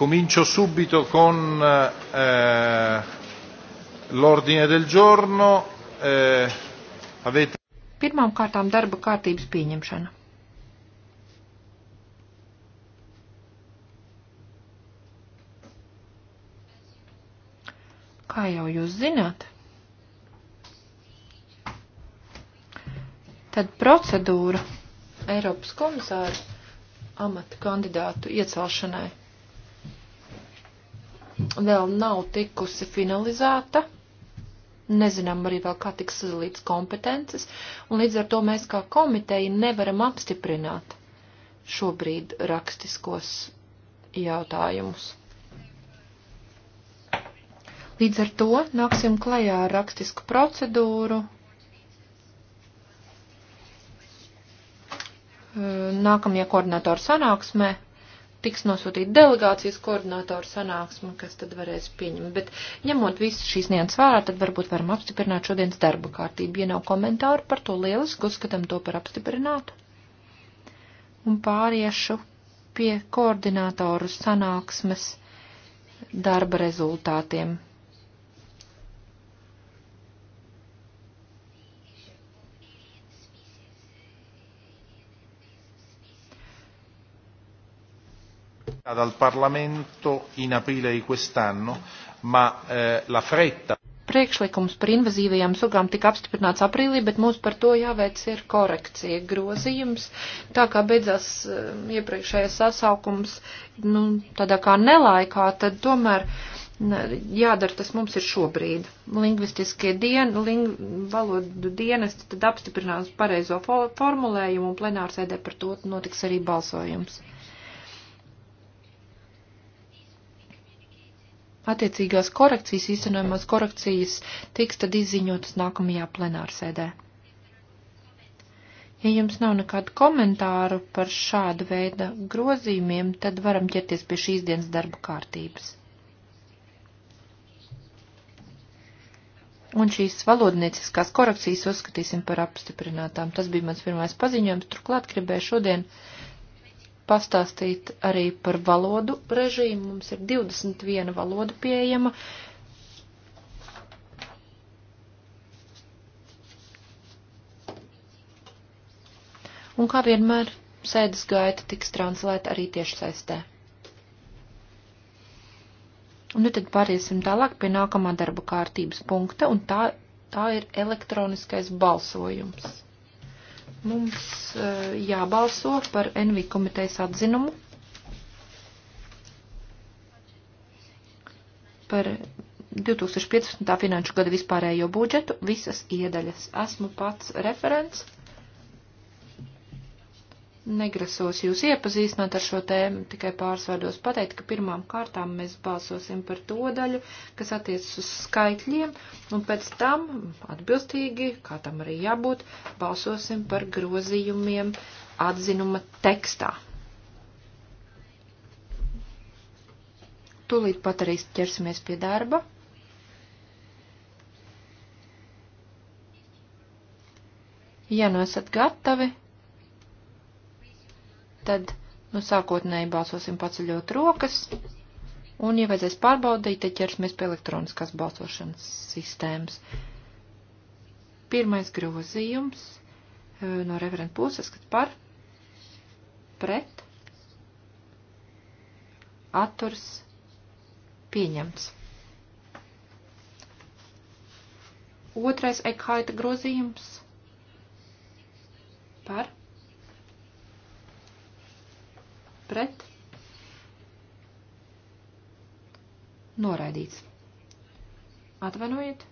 Comincio subito con eh, l'ordine del giorno. Eh, avete... Pirmām kārtām darba kārtības pieņemšana. Kā jau jūs zināt, tad procedūra Eiropas komisāra amata kandidātu iecelšanai vēl nav tikusi finalizēta. Nezinām arī vēl, kā tiks sadalīts kompetences, un līdz ar to mēs kā komiteja nevaram apstiprināt šobrīd rakstiskos jautājumus. Līdz ar to nāksim klajā ar rakstisku procedūru. Nākamajā koordinatoru sanāksmē tiks nosūtīta delegācijas koordinātoru sanāksme, kas tad varēs pieņemt. Bet ņemot visu šīs nienas vērā, tad varbūt varam apstiprināt šodienas darba kārtību. Ja nav komentāru par to lieliski, uzskatām to par apstiprinātu. Un pāriešu pie koordinātoru sanāksmes darba rezultātiem. dal Parlamento in aprile di quest'anno, ma eh, la fretta. Priekšlikums par invazīvajām sugām tika apstiprināts aprīlī, bet mums par to jāveic ir korekcija, grozījums. Tā kā beidzās eh, iepriekšējais sasaukums, nu, tādā kā nelaikā, tad tomēr jādara tas mums ir šobrīd. Lingvistiskie dien, ling, valodu dienesti tad apstiprinās pareizo formulējumu un plenārsēdē par to notiks arī balsojums. attiecīgās korekcijas, īstenojumās korekcijas tiks tad izziņotas nākamajā plenārsēdē. Ja jums nav nekādu komentāru par šādu veidu grozījumiem, tad varam ķerties pie šīs dienas darba kārtības. Un šīs valodnieciskās korekcijas uzskatīsim par apstiprinātām. Tas bija mans pirmais paziņojums. Turklāt gribēju šodien uh, pastāstīt arī par valodu režīmu. Mums ir 21 valoda pieejama. Un kā vienmēr, sēdes gaita tiks translēta arī tieši saistē. Un nu tad pāriesim tālāk pie nākamā darba kārtības punkta, un tā, tā ir elektroniskais balsojums. Mums uh, jābalso par NV komitejas atzinumu par 2015. finanšu gada vispārējo budžetu visas iedaļas. Esmu pats referents negrasos jūs iepazīstināt ar šo tēmu, tikai pāris vārdos pateikt, ka pirmām kārtām mēs balsosim par to daļu, kas attiecas uz skaitļiem, un pēc tam, atbilstīgi, kā tam arī jābūt, balsosim par grozījumiem atzinuma tekstā. Tūlīt pat arī ķersimies pie darba. Ja nu esat gatavi, tad, nu, sākotnēji balsosim paceļot rokas, un, ja vajadzēs pārbaudīt, tad ķersimies pie elektroniskās balsošanas sistēmas. Pirmais grozījums e, no referenta puses, kad par, pret, atturs, pieņemts. Otrais ekhaita grozījums par pret, noraidīts. Atvainojiet,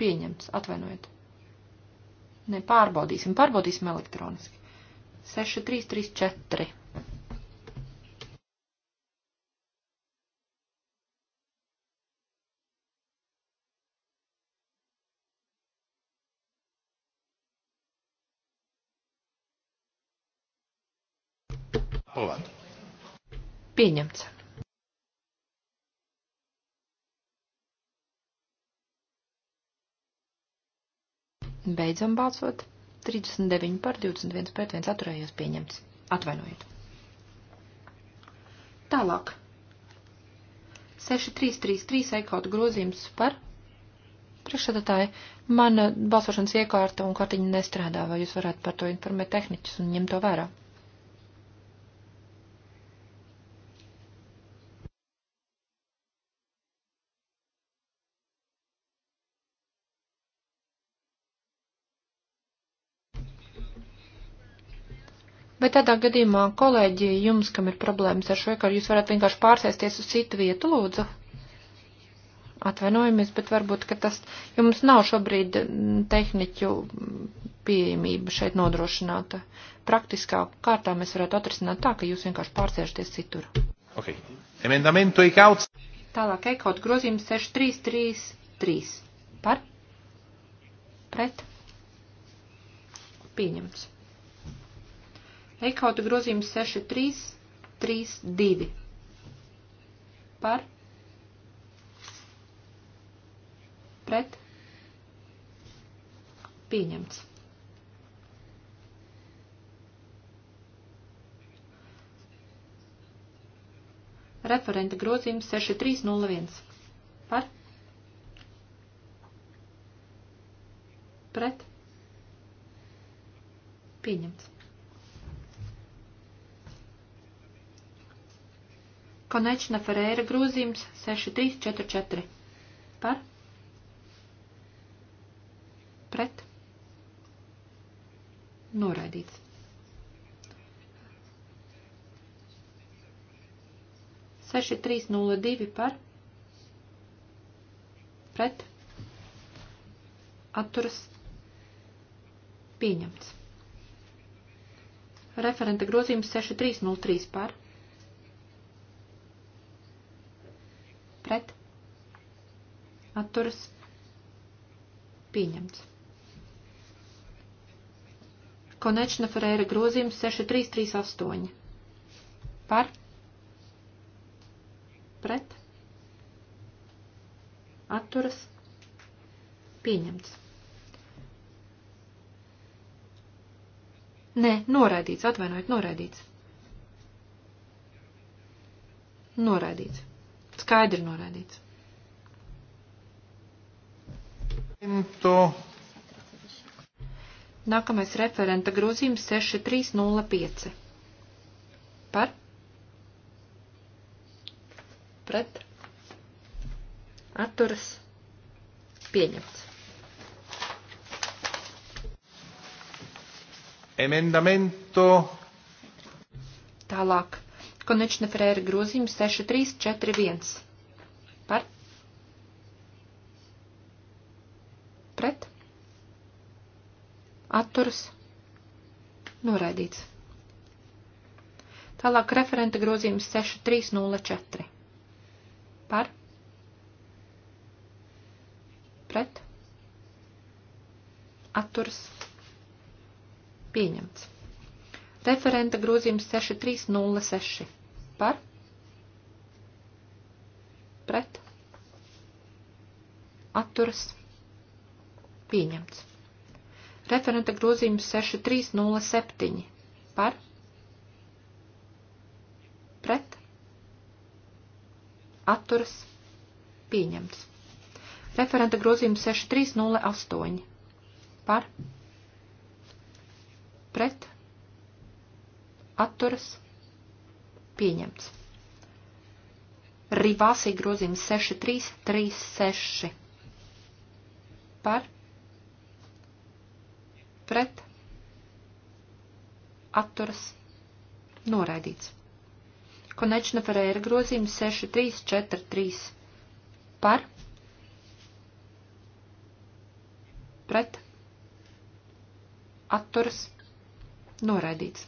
pieņemts, atvainojiet. Ne, pārbaudīsim, pārbaudīsim elektroniski. 6334. Pieņemts. Beidzam balsot. 39 par 21 pret 1 atturējos pieņemts. Atvainojiet. Tālāk. 6333 eikaut grozījums par priekšsēdētāju. Mana balsošanas iekārta un kartiņa nestrādā, vai jūs varētu par to informēt tehniķus un ņemt to vērā? Vai tādā gadījumā, kolēģi, jums, kam ir problēmas ar šo ekaru, jūs varat vienkārši pārsēsties uz citu vietu, lūdzu? Atvainojamies, bet varbūt, ka tas jums nav šobrīd mm, tehniķu pieejamība šeit nodrošināta. Praktiskā kārtā mēs varētu atrisināt tā, ka jūs vienkārši pārsēžaties citur. Ok. Emendamentu eikauts. Tālāk eikaut grozījums 6333. Par? Pret? Pieņemts. Eikauta grozījums 6332 par pret pieņemts. Referenta grozījums 6301 par pret pieņemts. Konečna Ferēra grozījums 6344. Par? Pret? Noraidīts. Seši trīs nulle divi par? Pret? Atturas? Pieņemts. Referenta grozījums 6303 par? pret atturas pieņemts. Konečna Ferēra grozījums 6338. Par pret atturas pieņemts. Nē, noraidīts, atvainojiet, noraidīts. Noraidīts. Skaidri noraidīts. To. Nākamais referenta grozījums 6305. Par? Pret? Atturas? Pieņemts. Emendamento. Tālāk. Konečna frēra grozījums 6341. Par? Pret? Atturas? Noraidīts. Tālāk referenta grozījums 6304. Par? Pret? Atturas? Pieņemts. Referenta grozījums 6306. Par? Pret? Atturas? Pieņemts. Referenta grozījums 6307. Par? Pret? Atturas? Pieņemts. Referenta grozījums 6308. Par? Pret? atturas pieņemts. Rivāsī grozījums 6336 par pret atturas noraidīts. Konečna Ferēra grozījums 6343 par pret atturas noraidīts.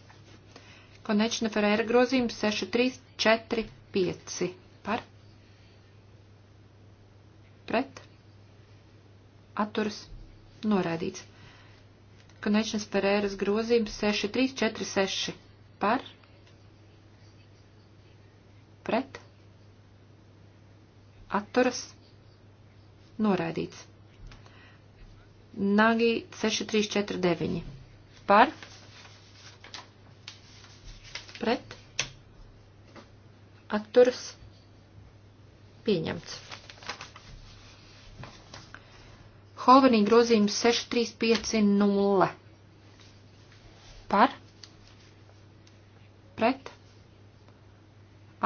Konečna Ferēra grozījums 6345 par pret atturas norādīts. Konečnas Ferēras grozījums 6346 par pret atturas norādīts. Nagi 6349 par pret pret, atturas, pieņemts. Holvenī grozījums 6350 par, pret,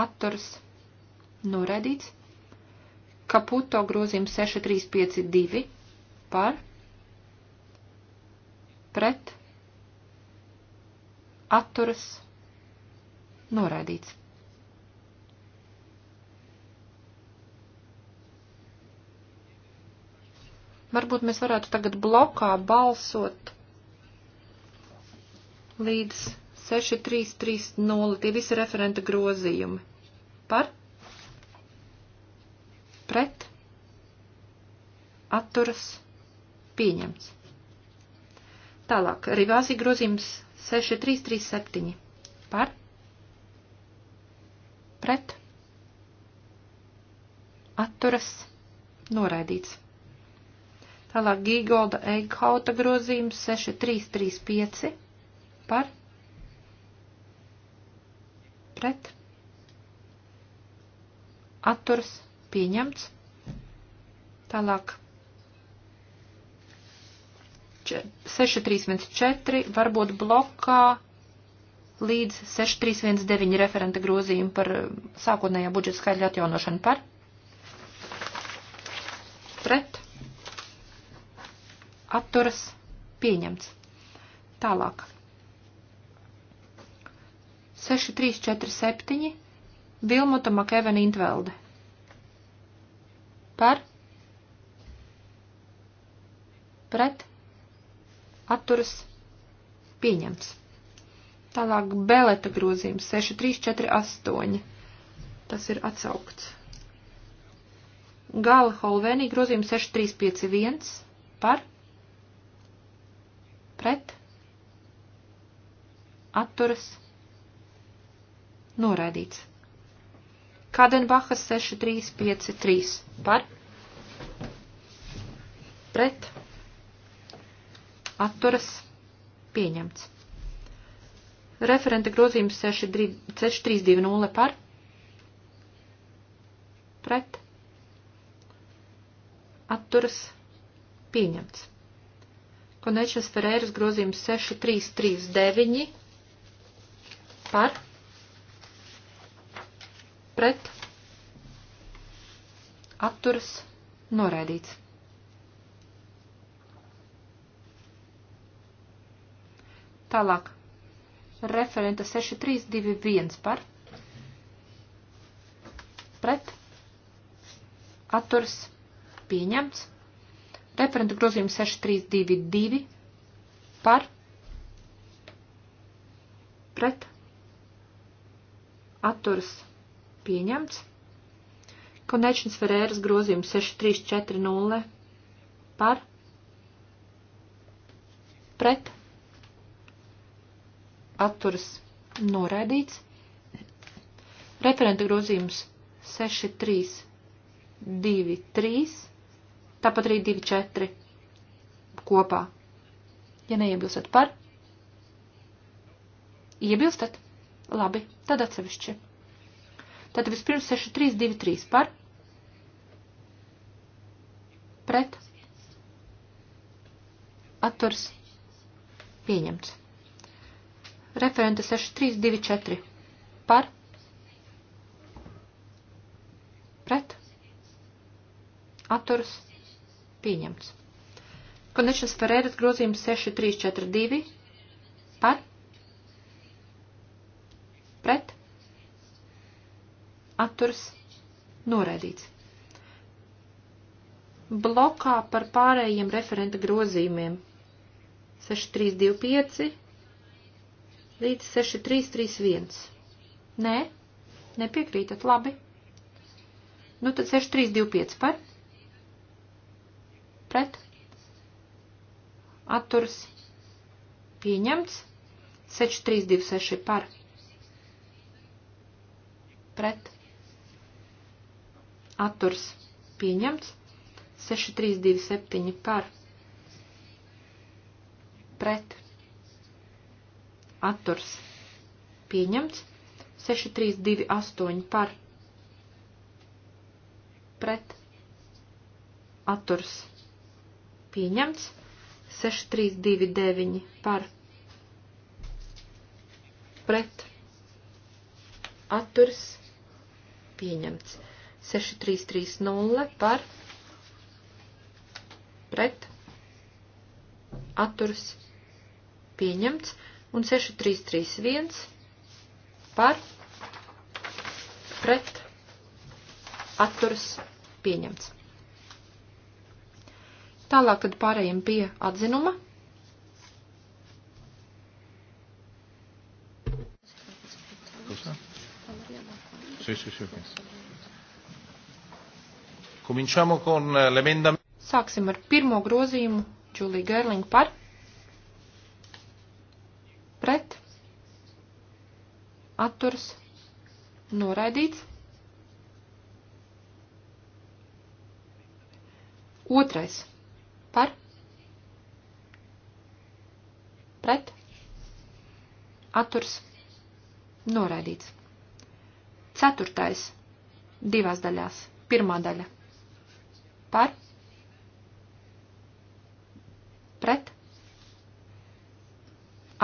atturas, noraidīts. Kaputo grozījums 6352 par, pret, atturas, noraidīts Noraidīts. Varbūt mēs varētu tagad blokā balsot līdz 6330. Tie visi referenta grozījumi. Par? Pret? Atturas? Pieņemts. Tālāk. Rivāzī grozījums 6337. Par? pret, atturas, noraidīts. Tālāk Gīgolda Eikhauta grozījums 6335 par pret atturs pieņemts. Tālāk 6314 varbūt blokā līdz 6319 referenta grozījumu par eh, sākotnējā budžeta skaidļa atjaunošanu par. Pret. Atturas. Pieņemts. Tālāk. 6347 Vilmota Makevena Intvelde. Par. Pret. Atturas. Pieņemts. Tālāk beleta grozījums 6348. Tas ir atsaukts. Gala holvenī grozījums 6351 par pret atturas noraidīts. Kadenbachas 6353 par pret atturas pieņemts. Referenta grozījums 6320 par. Pret. Atturas. Pieņemts. Konečas Ferēras grozījums 6339 par. Pret. Atturas. Noraidīts. Tālāk referenta 6321 par pret atturs pieņemts. Referenta grozījums 6322 par pret atturs pieņemts. Konečnis Ferēras grozījums 6340 par pret atturas noraidīts. Referenta grozījums 6, 3, 2, 3, tāpat arī 2, 4 kopā. Ja neiebilstat par, iebilstat, labi, tad atsevišķi. Tātad vispirms 6, 3, 2, 3 par, pret, atturs, pieņemts. Referente 6324 par pret atturas pieņemts. Konečnas Ferēras grozījums 6342 par pret atturas noraidīts. Blokā par pārējiem referenta grozījumiem 6325 līdz 6331. Nē, nepiekrītat, labi. Nu tad 6325 par. Pret. Atturs. Pieņemts. 6326 par. Pret. Atturs. Pieņemts. 6327 par. Pret atturs pieņemts, 6328 par pret atturs pieņemts, 6329 par pret atturs pieņemts, 6330 par pret atturs pieņemts, un 6331 par pret atturas pieņemts. Tālāk tad pārējiem pie atzinuma. Sì, sì, sì. Cominciamo con eh, l'emendamento. Sāksim ar pirmo grozījumu Julie Gerling par atturas noraidīts. Otrais par pret atturs noraidīts. Ceturtais divās daļās. Pirmā daļa par pret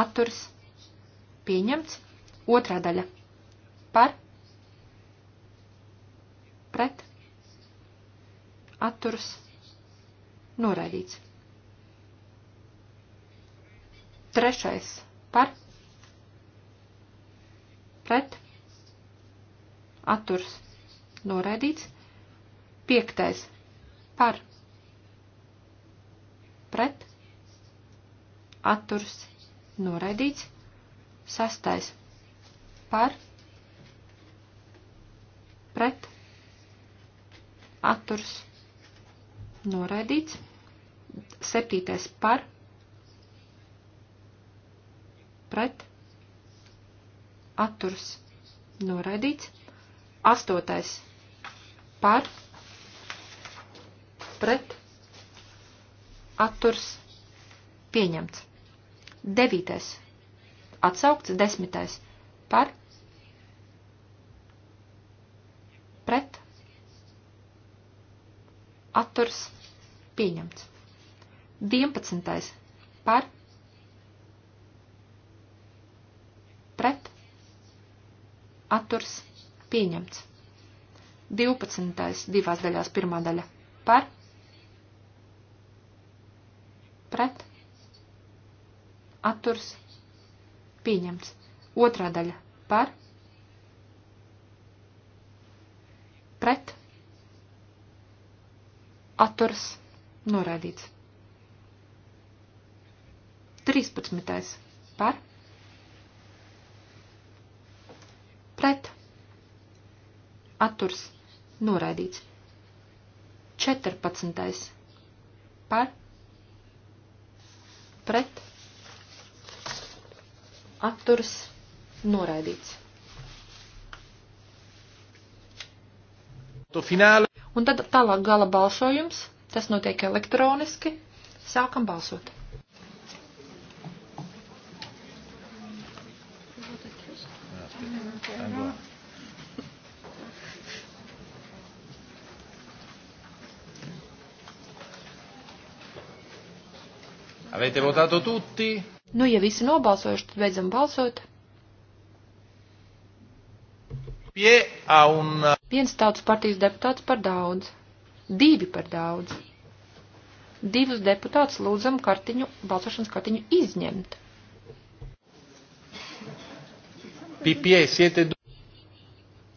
atturs pieņemts. Otrā daļa. Par. Pret. Atturs. Noraidīts. Trešais. Par. Pret. Atturs. Noraidīts. Piektais. Par. Pret. Atturs. Noraidīts. Sastais par, pret, atturs, noraidīts. Septītais par, pret, atturs, noraidīts. Astotais par, pret, atturs, pieņemts. Devītais atsaukts, desmitais par, pret, atturs, pieņemts. 11. par, pret, atturs, pieņemts. 12. divās daļās pirmā daļa par, pret, atturs, pieņemts Otrā daļa par, pret, atturs, noraidīts. 13. par, pret, atturs, noraidīts. 14. par, pret, atturs, noraidīts noraidīts. Un tad tālāk gala balsojums. Tas notiek elektroniski. Sākam balsot. Avete votato tutti? Nu, ja visi nobalsojuši, tad beidzam balsot. Un... Viens tautas partijas deputāts par daudz. Divi par daudz. Divus deputātus lūdzam kartiņu, balsošanas kartiņu izņemt. PPA, siete...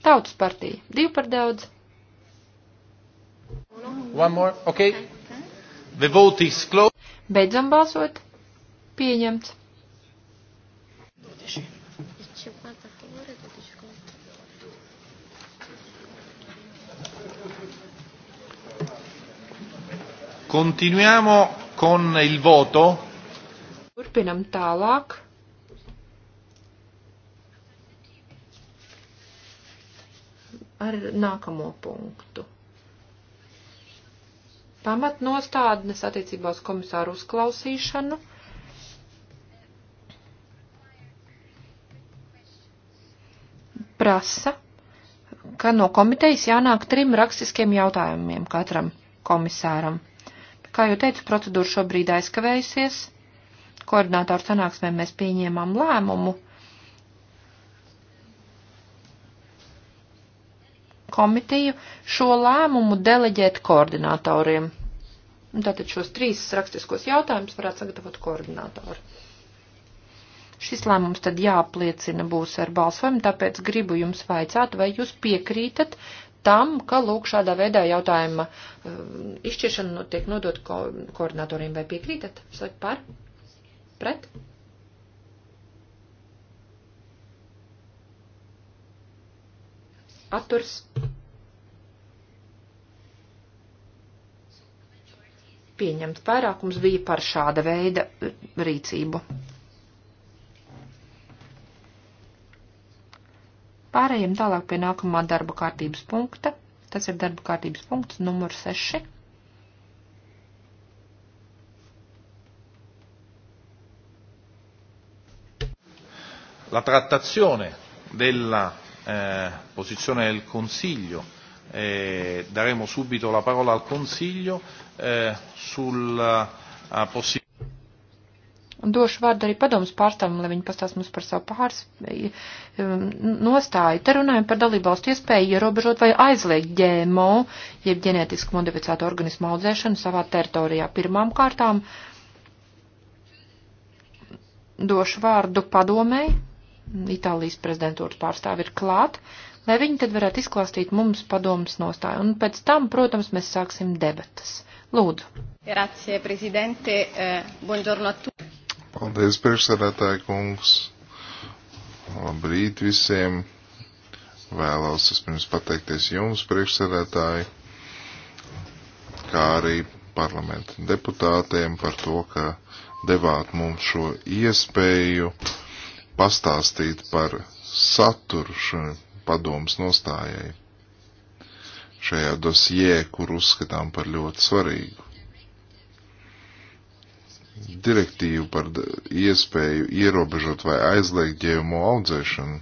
Tautas partija. Divi par daudz. One more. Okay. The vote is closed. Beidzam balsot. Pieņemts. Continuiamo con il voto. Turpinam tālāk. Ar nākamo punktu. Pamatnostādnes attiecībā uz komisāru uzklausīšanu. Prasa, ka no komitejas jānāk trim rakstiskiem jautājumiem katram komisāram. Kā jau teicu, procedūra šobrīd aizkavējusies. Koordinātoru sanāksmē mēs pieņēmām lēmumu komitiju šo lēmumu deleģēt koordinātoriem. Tātad šos trīs rakstiskos jautājumus varētu sagatavot koordinātori. Šis lēmums tad jāapliecina būs ar balsojumu, tāpēc gribu jums vaicāt, vai jūs piekrītat tam, ka lūk šādā veidā jautājuma eh, izšķiršana nu, tiek nodot ko koordinatoriem. Vai piekrītat? Saka par? Pret? Atturs? Pieņemt vairākums bija par šāda veida eh, rīcību. Pārējiem tālāk pie nākamā darba kārtības punkta. Tas ir darba kārtības punkts numur 6. La trattazione della eh, posizione del Consiglio, eh, daremo subito la parola al Consiglio eh, sulla eh, possibilità Un došu vārdu arī padomus pārstāvam, lai viņi pastāst mums par savu pāris um, nostāju. Te runājam par dalībvalstu iespēju ierobežot vai aizliegt ģēmo, jeb ģenētiski modificētu organismu audzēšanu savā teritorijā. Pirmām kārtām došu vārdu padomēji, Itālijas prezidentūras pārstāvi ir klāt, lai viņi tad varētu izklāstīt mums padomus nostāju. Un pēc tam, protams, mēs sāksim debatas. Lūdzu. Grazie, prezidente. Eh, buongiorno a tutti. Paldies, priekšsēdētāji kungs. Labrīt visiem. Vēlos es pirms pateikties jums, priekšsēdētāji, kā arī parlamenta deputātiem par to, ka devāt mums šo iespēju pastāstīt par saturu šai padomas nostājai šajā dosjē, kur uzskatām par ļoti svarīgu direktīvu par iespēju ierobežot vai aizliegt ģēmo audzēšanu.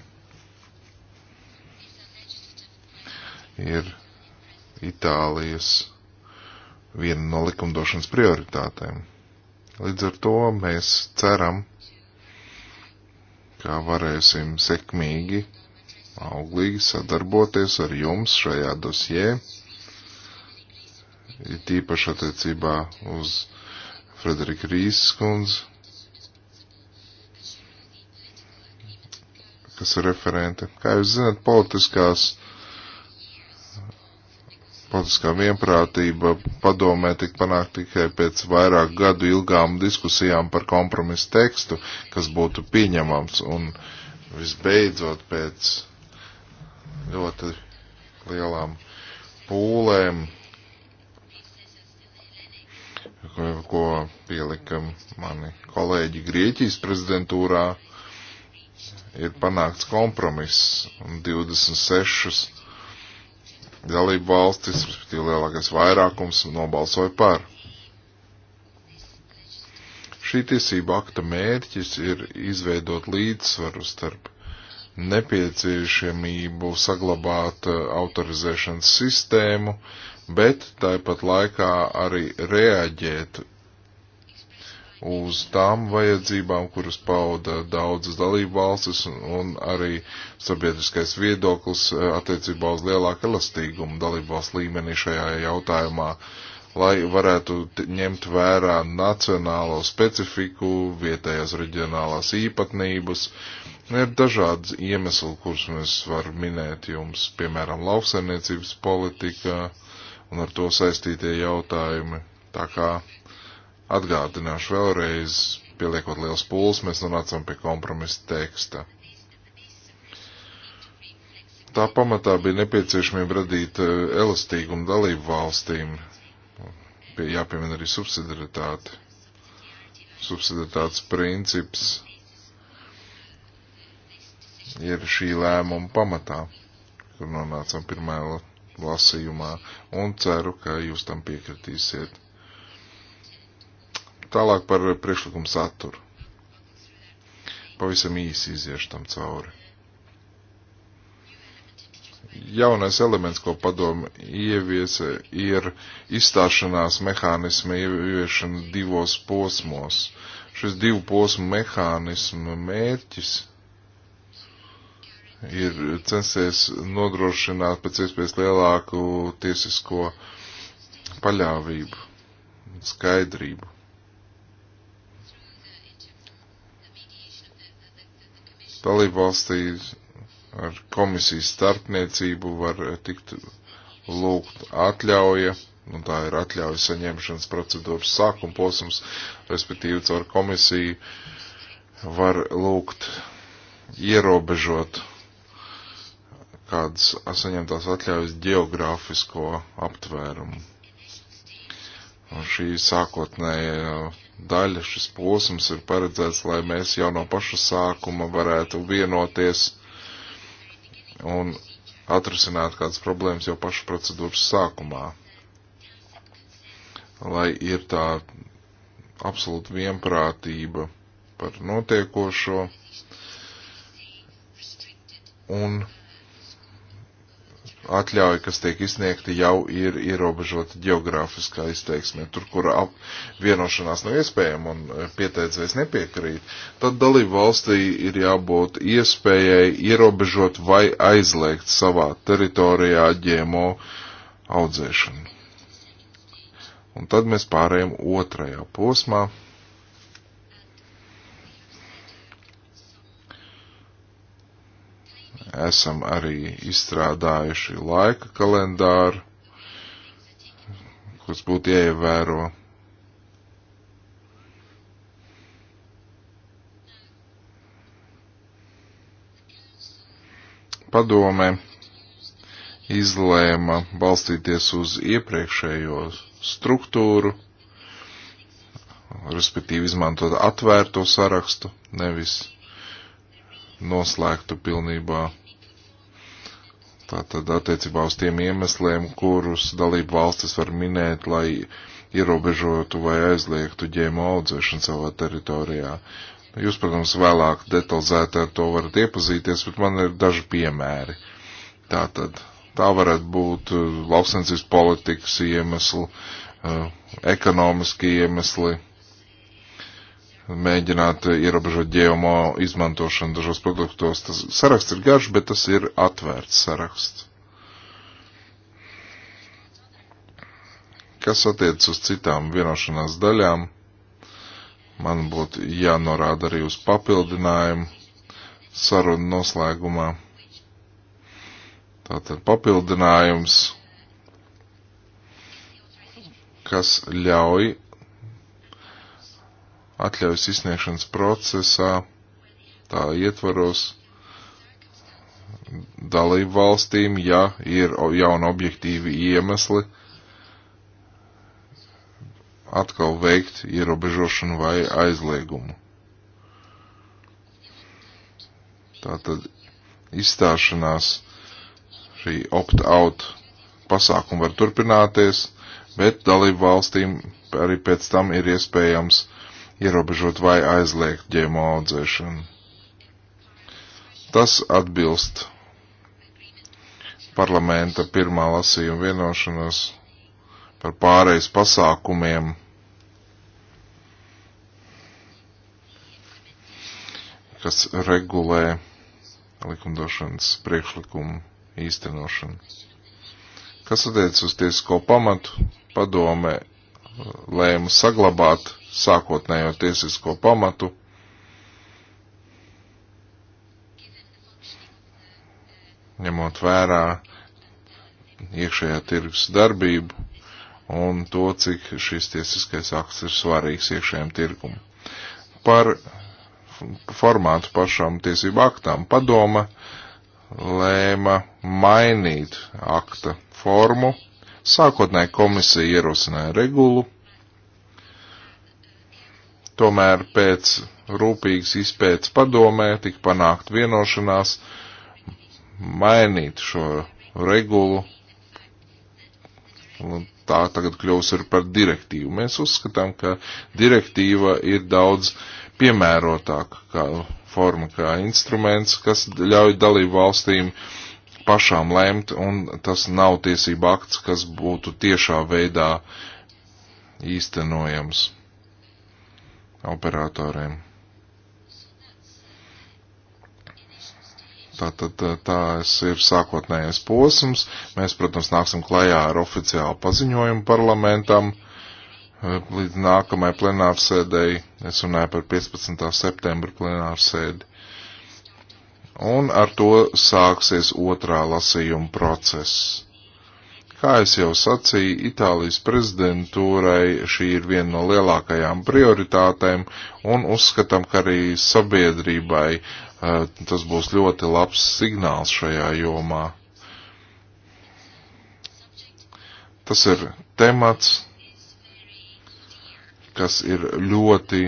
Ir Itālijas viena no likumdošanas prioritātēm. Līdz ar to mēs ceram, kā varēsim sekmīgi, auglīgi sadarboties ar jums šajā dosjē, tīpaši attiecībā uz Frederika Rīsas kundze, kas ir referente. Kā jūs zināt, politiskās, politiskā vienprātība padomē tik panākt tikai pēc vairāk gadu ilgām diskusijām par kompromisu tekstu, kas būtu pieņemams un visbeidzot pēc ļoti lielām pūlēm ko pielika mani kolēģi Grieķijas prezidentūrā, ir panākts kompromiss un 26 dalību valstis, respektīvi lielākais vairākums, nobalsoja par. Šī tiesība akta mērķis ir izveidot līdzsvaru starp nepieciešamību saglabāt autorizēšanas sistēmu, bet tāpat laikā arī reaģēt uz tām vajadzībām, kuras pauda daudzas dalību valstis un arī sabiedriskais viedoklis eh, attiecībā uz lielāku elastīgumu dalību valsts līmenī šajā jautājumā, lai varētu ņemt vērā nacionālo specifiku, vietējās reģionālās īpatnības. Ir dažādas iemesli, kurus mēs varam minēt jums, piemēram, lauksainiecības politika, uh, un ar to saistītie jautājumi. Tā kā atgādināšu vēlreiz, pieliekot liels pūles, mēs nonācām pie kompromisa teksta. Tā pamatā bija nepieciešamība radīt eh, elastīgumu dalību valstīm, pie, jāpiemina arī subsidiaritāti. Subsidiaritātes princips ir šī lēmuma pamatā, kur nonācām pirmajā lasījumā, un ceru, ka jūs tam piekritīsiet. Tālāk par priekšlikumu saturu. Pavisam īsi iziešu tam cauri. Jaunais elements, ko padomu ieviesa, ir izstāšanās mehānisma ieviešana divos posmos. Šis divu posmu mehānismu mērķis ir censies nodrošināt pēc iespējas lielāku tiesisko paļāvību, skaidrību. Dalībvalstī ar komisijas starpniecību var tikt lūgt atļauja, un tā ir atļauja saņemšanas procedūras sākuma posms, respektīvi caur komisiju var lūgt ierobežot kādas saņemtās atļaujas geogrāfisko aptvērumu. Un šī sākotnēja daļa, šis posms ir paredzēts, lai mēs jau no paša sākuma varētu vienoties un atrisināt kādas problēmas jau pašu procedūras sākumā. Lai ir tā absolūta vienprātība par notiekošo un atļauja, kas tiek izsniegti, jau ir ierobežota geogrāfiskā izteiksme, tur, kur ap, vienošanās nav iespējama un eh, pieteicējs nepiekrīt, tad dalību valstī ir jābūt iespējai ierobežot vai aizliegt savā teritorijā ģēmo audzēšanu. Un tad mēs pārējām otrajā posmā. esam arī izstrādājuši laika kalendāru, kas būtu jāievēro. Padome izlēma balstīties uz iepriekšējo struktūru, respektīvi izmantot atvērto sarakstu, nevis noslēgtu pilnībā. Tātad attiecībā uz tiem iemesliem, kurus dalību valstis var minēt, lai ierobežotu vai aizliegtu ģēmo audzēšanu savā teritorijā. Jūs, protams, vēlāk detalizēti ar to varat iepazīties, bet man ir daži piemēri. Tātad tā varētu būt uh, lauksensības politikas iemesli, uh, ekonomiski iemesli mēģināt ierobežot GMO izmantošanu dažos produktos. Tas saraksts ir garš, bet tas ir atvērts saraksts. Kas attiec uz citām vienošanās daļām, man būtu jānorāda arī uz papildinājumu sarunu noslēgumā. Tātad papildinājums, kas ļauj atļaujas izsniegšanas procesā, tā ietvaros dalību valstīm, ja ir jauna objektīvi iemesli atkal veikt ierobežošanu vai aizliegumu. Tātad izstāšanās šī opt-out pasākuma var turpināties, bet dalību valstīm arī pēc tam ir iespējams ierobežot vai aizliegt ģēmo audzēšanu. Tas atbilst parlamenta pirmā lasījuma vienošanos par pārejas pasākumiem, kas regulē likumdošanas priekšlikumu īstenošanu. Kas attiec uz tiesisko pamatu, padome uh, lēma saglabāt sākotnējo tiesisko pamatu. ņemot vērā iekšējā tirgus darbību un to, cik šis tiesiskais akts ir svarīgs iekšējiem tirgumam. Par formātu pašām tiesību aktām padoma lēma mainīt akta formu. Sākotnēji komisija ierosināja regulu Tomēr pēc rūpīgas izpētes padomē tika panākt vienošanās mainīt šo regulu. Un tā tagad kļūs ir par direktīvu. Mēs uzskatām, ka direktīva ir daudz piemērotāka kā forma, kā instruments, kas ļauj dalību valstīm pašām lemt, un tas nav tiesība akts, kas būtu tiešā veidā īstenojams operatoriem. Tātad eh, tās ir sākotnējais posms. Mēs, protams, nāksim klajā ar oficiālu paziņojumu parlamentam eh, līdz nākamajai plenārsēdēji. Es runāju par 15. septembra plenārsēdi. Un ar to sāksies otrā lasījuma process. Kā es jau sacīju, Itālijas prezidentūrai šī ir viena no lielākajām prioritātēm un uzskatām, ka arī sabiedrībai eh, tas būs ļoti labs signāls šajā jomā. Tas ir temats, kas ir ļoti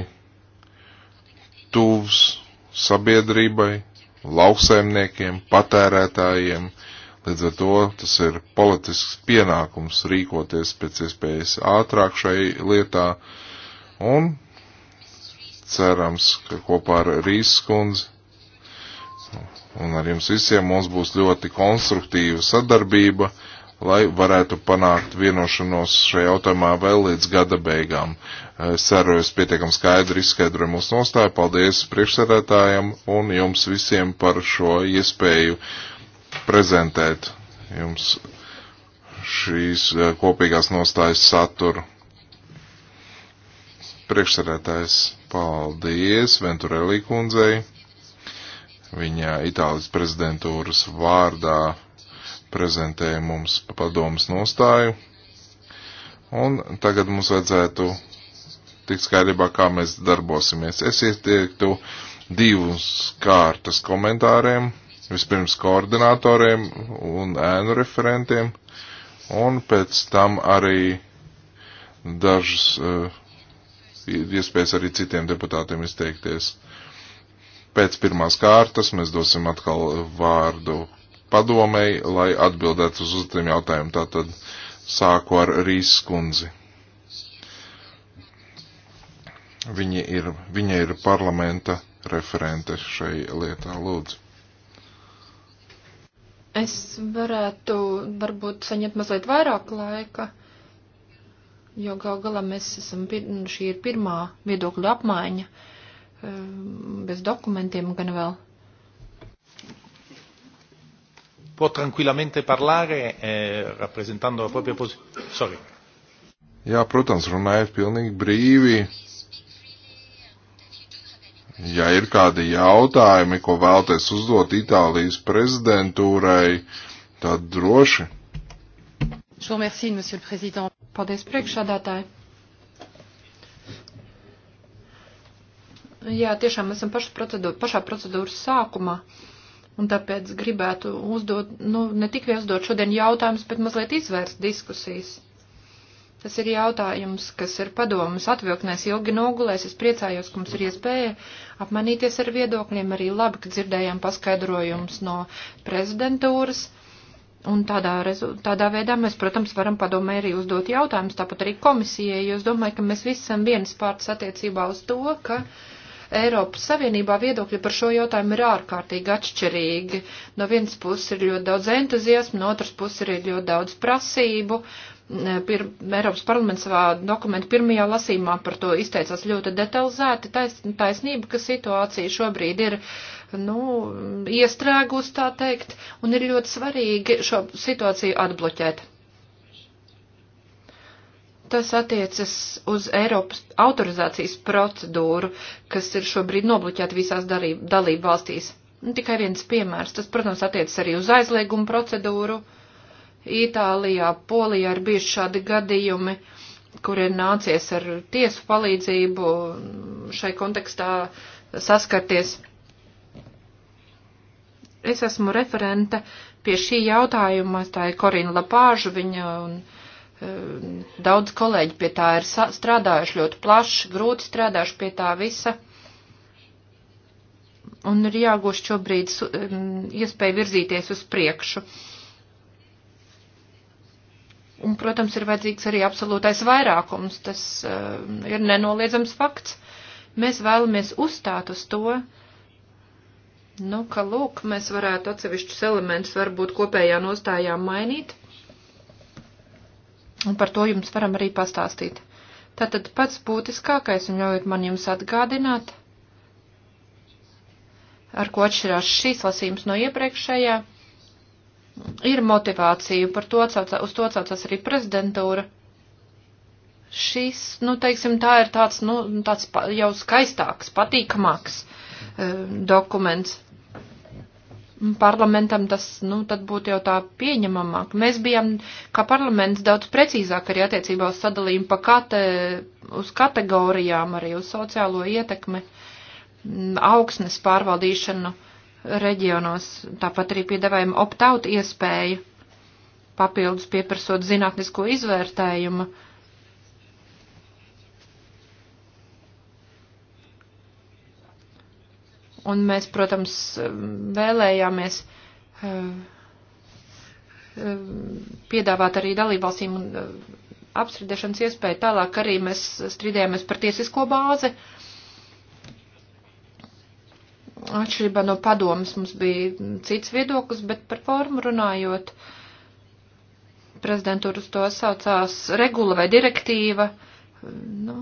tuvs sabiedrībai, lauksaimniekiem, patērētājiem Līdz ar to tas ir politisks pienākums rīkoties pēc iespējas ātrāk šai lietā un cerams, ka kopā ar Rīskundzi un ar jums visiem mums būs ļoti konstruktīva sadarbība, lai varētu panākt vienošanos šajā jautājumā vēl līdz gada beigām. Es ceru, es pietiekam skaidri izskaidroju mūsu nostāju. Paldies priekšsēdētājiem un jums visiem par šo iespēju prezentēt jums šīs eh, kopīgās nostājas saturu. Priekšsarētājs paldies Venturelī kundzei. Viņa Itālijas prezidentūras vārdā prezentēja mums padomas nostāju. Un tagad mums vajadzētu tik skaidrībā, kā mēs darbosimies. Es ieteiktu divus kārtas komentāriem. Vispirms koordinatoriem un ēnu referentiem, un pēc tam arī dažas uh, eh, iespējas arī citiem deputātiem izteikties. Pēc pirmās kārtas mēs dosim atkal vārdu padomēji, lai atbildētu uz uzdotiem jautājumiem. Tātad sāku ar Rīs skundzi. Viņa ir, viņa ir parlamenta referente šai lietā. Lūdzu. Es varētu varbūt saņemt mazliet vairāk laika, jo gal galā mēs esam, nu, šī ir pirmā viedokļa apmaiņa ehm, bez dokumentiem gan vēl. Può tranquillamente parlare eh, rappresentando la propria posizione. Sorry. Jā, protams, runājiet pilnīgi brīvi Ja ir kādi jautājumi, ko vēlties uzdot Itālijas prezidentūrai, tad droši. Paldies, priekšādātāji! Jā, tiešām esam procedūru, pašā procedūras sākumā, un tāpēc gribētu uzdot, nu, ne tikai uzdot šodien jautājumus, bet mazliet izvērst diskusijas. Tas ir jautājums, kas ir padomas atvilknēs ilgi nogulēs. Es priecājos, ka mums ir iespēja apmainīties ar viedokļiem. Arī labi, ka dzirdējām paskaidrojumus no prezidentūras. Un tādā, tādā veidā mēs, protams, varam padomē arī uzdot jautājumus, tāpat arī komisijai, jo es domāju, ka mēs visi esam vienas pārts attiecībā uz to, ka Eiropas Savienībā viedokļi par šo jautājumu ir ārkārtīgi atšķirīgi. No vienas puses ir ļoti daudz entuziasma, no otras puses ir ļoti daudz prasību. Uh, Eh, pir, Eiropas parlaments savā dokumentu pirmajā lasīmā par to izteicās ļoti detalizēti. Tais, taisnība, ka situācija šobrīd ir, nu, iestrēgus tā teikt, un ir ļoti svarīgi šo situāciju atbloķēt. Tas attiecas uz Eiropas autorizācijas procedūru, kas ir šobrīd nobloķēta visās dalību valstīs. Un tikai viens piemērs. Tas, protams, attiecas arī uz aizliegumu procedūru. Uh, Itālijā, Polijā ir bijuši šādi gadījumi, kur ir nācies ar tiesu palīdzību šai kontekstā saskarties. Es esmu referente pie šī jautājuma, tā ir Korina Lapāža, viņa un um, daudz kolēģi pie tā ir strādājuši ļoti plaši, grūti strādājuši pie tā visa. Un ir jāgūst šobrīd um, iespēja virzīties uz priekšu. Uh, Un, protams, ir vajadzīgs arī absolūtais vairākums. Tas uh, ir nenoliedzams fakts. Mēs vēlamies uzstāt uz to, nu, ka, lūk, mēs varētu atsevišķus elementus varbūt kopējā nostājā mainīt. Un par to jums varam arī pastāstīt. Tātad pats būtiskākais, un ļaujiet man jums atgādināt, ar ko atšķirās šīs lasījums no iepriekšējā. Ja ir motivācija, par to atsaucā, uz to atsaucās arī prezidentūra. Šis, nu, teiksim, tā ir tāds, nu, tāds jau skaistāks, patīkamāks eh, dokuments. Parlamentam tas, nu, tad būtu jau tā pieņemamāk. Mēs bijām, kā parlaments, daudz precīzāk arī attiecībā uz sadalījumu pa kate, uz kategorijām, arī uz sociālo ietekmi, augsnes pārvaldīšanu. Uh, reģionos, tāpat arī piedāvājam opt-out iespēju, papildus pieprasot zinātnisko izvērtējumu. Un mēs, protams, vēlējāmies eh, eh, piedāvāt arī dalībvalstīm eh, apstrīdēšanas iespēju. Tālāk arī mēs strīdējāmies par tiesisko bāzi. Uh, Atšķirībā no padomas mums bija cits viedoklis, bet par formu runājot, prezidentūra uz to saucās regula vai direktīva. Nu,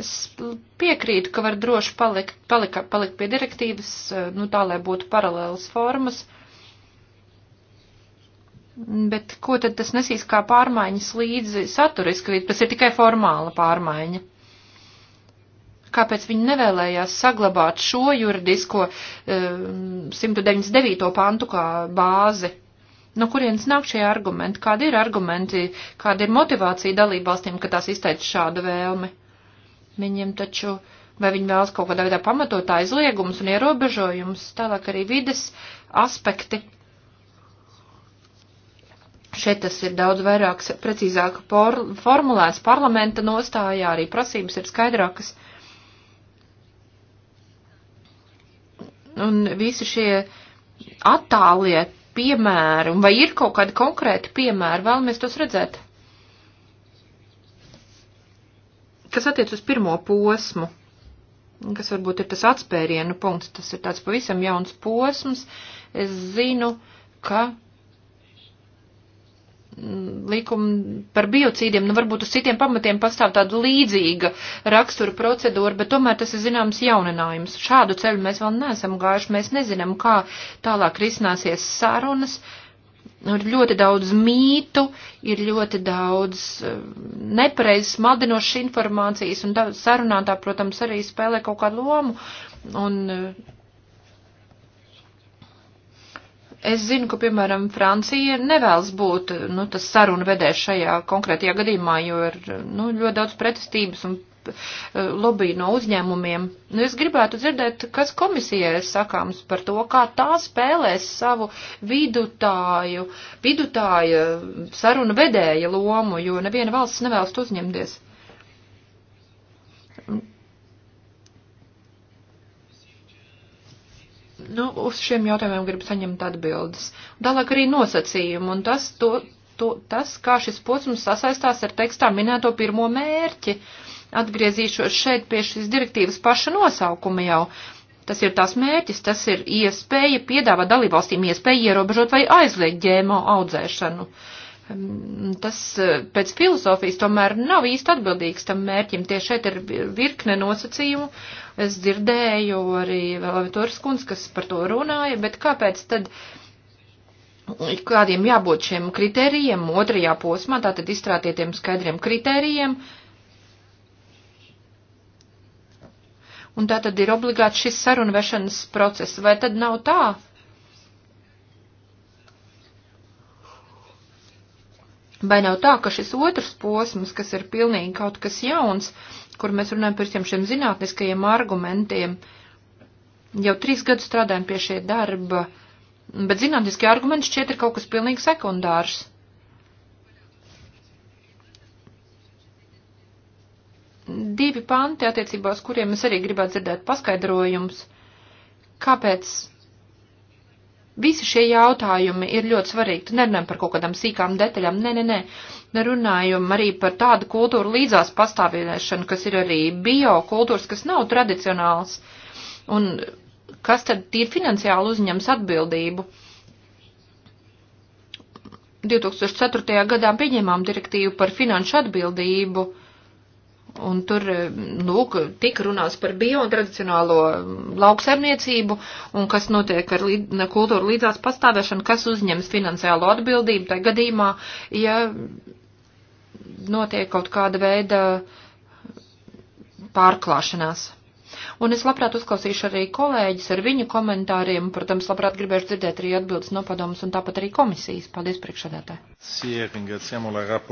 es piekrītu, ka var droši palikt, palika, palikt pie direktīvas, nu tā, lai būtu paralēlas formas. Bet ko tad tas nesīs kā pārmaiņas līdzi saturiski, tas ir tikai formāla pārmaiņa kāpēc viņi nevēlējās saglabāt šo juridisko 199. Eh, pantu kā bāzi. No kurienes nāk šie argumenti? Kādi ir argumenti, kāda ir motivācija dalībvalstīm, ka tās izteica šādu vēlmi? Viņiem taču, vai viņi vēlas kaut kādā veidā pamatot aizliegumus un ierobežojumus, tālāk arī vides aspekti. Šeit tas ir daudz vairāk, precīzāk por, formulēts parlamenta nostājā, arī prasības ir skaidrākas. Uh, Un visi šie attālie piemēri, un vai ir kaut kādi konkrēti piemēri, vēlamies tos redzēt? Kas attiec uz pirmo posmu, kas varbūt ir tas atspērienu punkts, tas ir tāds pavisam jauns posms, es zinu, ka likuma par biocīdiem, nu varbūt uz citiem pamatiem pastāv tāda līdzīga rakstura procedūra, bet tomēr tas ir zināms jauninājums. Šādu ceļu mēs vēl neesam gājuši, mēs nezinām, kā tālāk risināsies sarunas. Ir ļoti daudz mītu, ir ļoti daudz eh, nepareizas madinošas informācijas, un sarunā tā, protams, arī spēlē kaut kādu lomu. Un eh, Es zinu, ka, piemēram, Francija nevēlas būt, nu, tas saruna vedē šajā konkrētajā gadījumā, jo ir, nu, ļoti daudz pretestības un eh, lobby no uzņēmumiem. Nu, es gribētu dzirdēt, kas komisijai ir sakāms par to, kā tā spēlēs savu vidutāju, vidutāja saruna vedēja lomu, jo neviena valsts nevēlas uzņemties. nu, uz šiem jautājumiem grib saņemt atbildes. Tālāk arī nosacījumi, un tas, to, to, tas, kā šis posms sasaistās ar tekstā minēto pirmo mērķi. Atgriezīšos šeit pie šīs direktīvas paša nosaukuma jau. Tas ir tās mērķis, tas ir iespēja piedāvāt dalībvalstīm iespēju ierobežot vai aizliegt ģēmo audzēšanu. Uh, tas e, pēc filozofijas tomēr nav īsti atbildīgs tam mērķim. Tieši šeit ir virkne nosacījumu. Es dzirdēju arī Lavitoras kundz, kas par to runāja, bet kāpēc tad kādiem jābūt šiem kritērijiem otrajā posmā, tātad izstrātietiem skaidriem kritērijiem, un tā tad ir obligāti šis sarunvešanas process, vai tad nav tā? Vai nav tā, ka šis otrs posms, kas ir pilnīgi kaut kas jauns, kur mēs runājam par šiem, šiem zinātniskajiem argumentiem, jau trīs gadus strādājam pie šie darba, bet zinātniskie argumenti šķiet ir kaut kas pilnīgi sekundārs. Divi panti attiecībā uz kuriem es arī gribētu dzirdēt paskaidrojums, kāpēc Visi šie jautājumi ir ļoti svarīgi. Tu nerunājam par kaut kādām sīkām detaļām. Nē, nē, nē. Nerunājam arī par tādu kultūru līdzās pastāvēšanu, kas ir arī biokultūras, kas nav tradicionāls. Un kas tad ir finansiāli uzņems atbildību? 2004. gadā pieņēmām direktīvu par finanšu atbildību Un tur, lūk, tika runāts par bio un tradicionālo lauksaimniecību un kas notiek ar līd, kultūru līdzās pastāvēšanu, kas uzņems finansiālo atbildību tajā gadījumā, ja notiek kaut kāda veida pārklāšanās. Un es labprāt uzklausīšu arī kolēģis ar viņu komentāriem, protams, labprāt gribēšu dzirdēt arī atbildes no padomus un tāpat arī komisijas. Paldies priekšsēdētāji.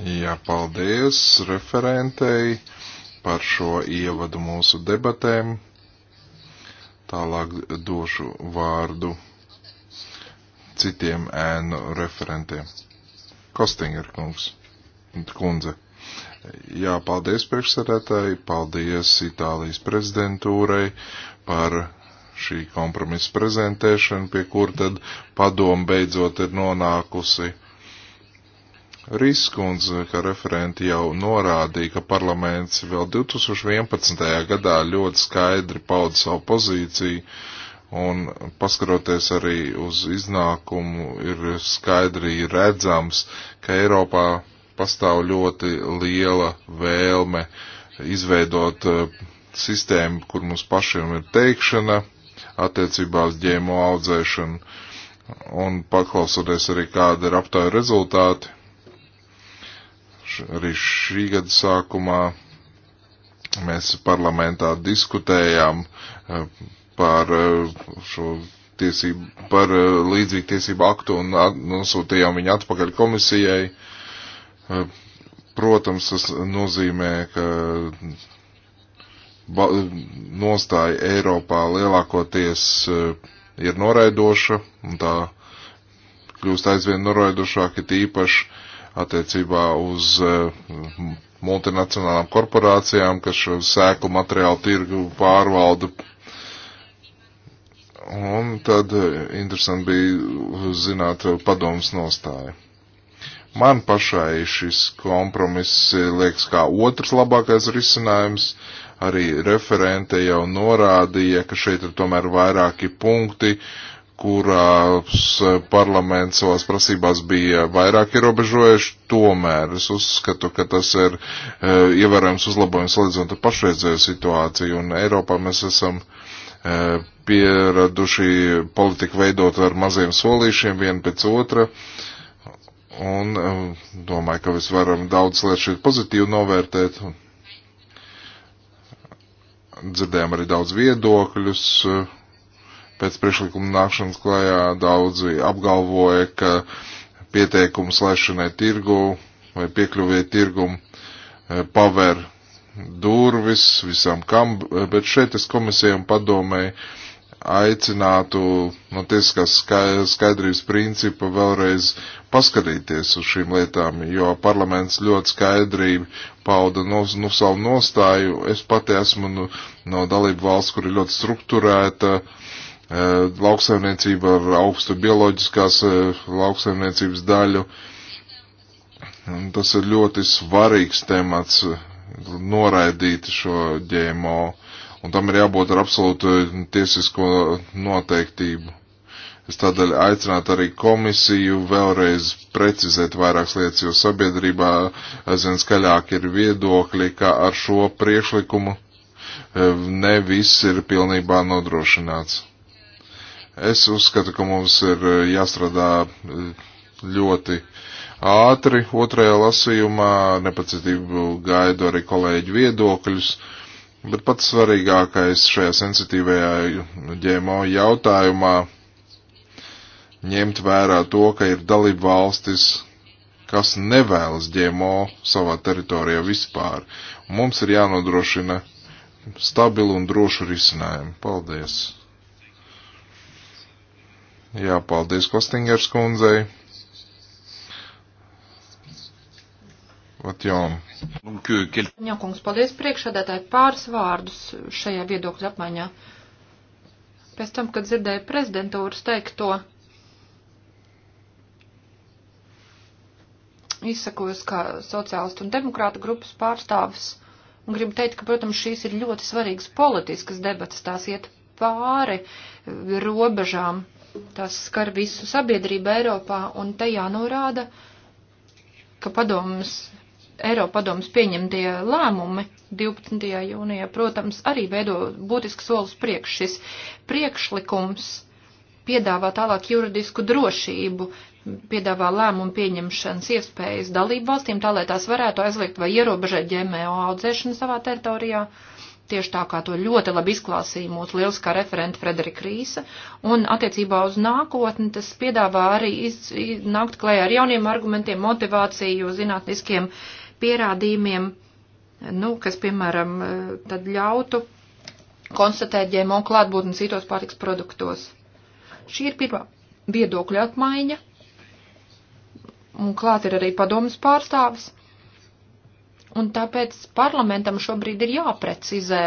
Jā, paldies referentei par šo ievadu mūsu debatēm. Tālāk došu vārdu citiem ēnu referentiem. Kostinger kungs, kundze. Jā, paldies priekšsarētāji, paldies Itālijas prezidentūrai par šī kompromisa prezentēšanu, pie kur tad padoma beidzot ir nonākusi Riskundz, ka referenti jau norādīja, ka parlaments vēl 2011. gadā ļoti skaidri pauda savu pozīciju, un paskaroties arī uz iznākumu, ir skaidri redzams, ka Eiropā pastāv ļoti liela vēlme izveidot eh, sistēmu, kur mums pašiem ir teikšana attiecībā uz ģēmo audzēšanu, un paklausoties arī, kāda ir aptāja rezultāti Arī šī gada sākumā mēs parlamentā diskutējām eh, par eh, šo tiesību, par eh, līdzīgu tiesību aktu un nosūtījām viņu atpakaļ komisijai. Protams, tas nozīmē, ka nostāja Eiropā lielākoties ir noraidoša un tā kļūst aizvien noraidošāk, ir īpaši attiecībā uz eh, multinacionālām korporācijām, kas šo sēklu materiālu tirgu pārvalda. Un tad eh, interesanti bija zināt eh, padomus nostāju. Man pašai šis kompromiss liekas kā otrs labākais risinājums. Arī referente jau norādīja, ka šeit ir tomēr vairāki punkti, uh, kurās eh, parlaments savās prasībās bija vairāk ierobežojuši, tomēr es uzskatu, ka tas ir eh, ievērojams uzlabojums salīdzinot ar pašreizēju situāciju, un Eiropā mēs esam eh, pieraduši politiku veidot ar maziem solīšiem vienu pēc otra, un domāju, ka mēs varam daudz lietas šeit pozitīvi novērtēt. Dzirdējām arī daudz viedokļus, uh, pēc priekšlikuma nākšanas klajā daudzi apgalvoja, ka pieteikums laišanai tirgu vai piekļuviet tirgumu eh, paver durvis visam kam, eh, bet šeit es komisijam padomēju aicinātu no tiesiskās skaidrības principa vēlreiz paskatīties uz šīm lietām, jo parlaments ļoti skaidri pauda no, no nu, savu nostāju. Es pati esmu no, nu, no dalību valsts, kur ir ļoti struktūrēta uh, Eh, lauksaimniecība ar augstu bioloģiskās eh, lauksaimniecības daļu. Tas ir ļoti svarīgs temats eh, noraidīt šo ģēmo, un tam ir jābūt ar absolūtu tiesisko noteiktību. Es tādēļ aicinātu arī komisiju vēlreiz precizēt vairākas lietas, jo sabiedrībā aizvien skaļāk ir viedokļi, ka ar šo priekšlikumu ne viss ir pilnībā nodrošināts. Es uzskatu, ka mums ir e, jāstrādā e, ļoti ātri otrajā lasījumā, nepacitību gaidu arī kolēģu viedokļus, bet pats svarīgākais šajā sensitīvajā ģēmo jautājumā ņemt vērā to, ka ir dalība valstis, kas nevēlas ģēmo savā teritorijā vispār. Mums ir jānodrošina stabilu un drošu risinājumu. Paldies! Jā, paldies Kostingers kundzei. Jā, kungs, paldies priekšādātāji pāris vārdus šajā viedokļa apmaiņā. Pēc tam, kad dzirdēju prezidentūras teikto, izsakojos kā sociālistu un demokrātu grupas pārstāvis, un gribu teikt, ka, protams, šīs ir ļoti svarīgas politiskas debatas, tās iet pāri robežām tās skar visu sabiedrību Eiropā, un te jānorāda, ka padomas, Eiropa padomas pieņemtie lēmumi 12. jūnijā, protams, arī veido būtisks solis priekš. Šis priekšlikums piedāvā tālāk juridisku drošību, piedāvā lēmumu pieņemšanas iespējas dalību valstīm, tā lai tās varētu aizliegt vai ierobežot ģemēo audzēšanu savā teritorijā tieši tā kā to ļoti labi izklāsīja mūsu lieliskā referenta Frederika Rīsa, un attiecībā uz nākotni tas piedāvā arī iz, nākt klējā ar jauniem argumentiem, motivāciju, zinātniskiem pierādījumiem, nu, kas, piemēram, tad ļautu konstatēt ģēmo ja klātbūtni citos pārtiks produktos. Šī ir pirmā viedokļa apmaiņa, un klāt ir arī padomas pārstāvis. Un tāpēc parlamentam šobrīd ir jāprecizē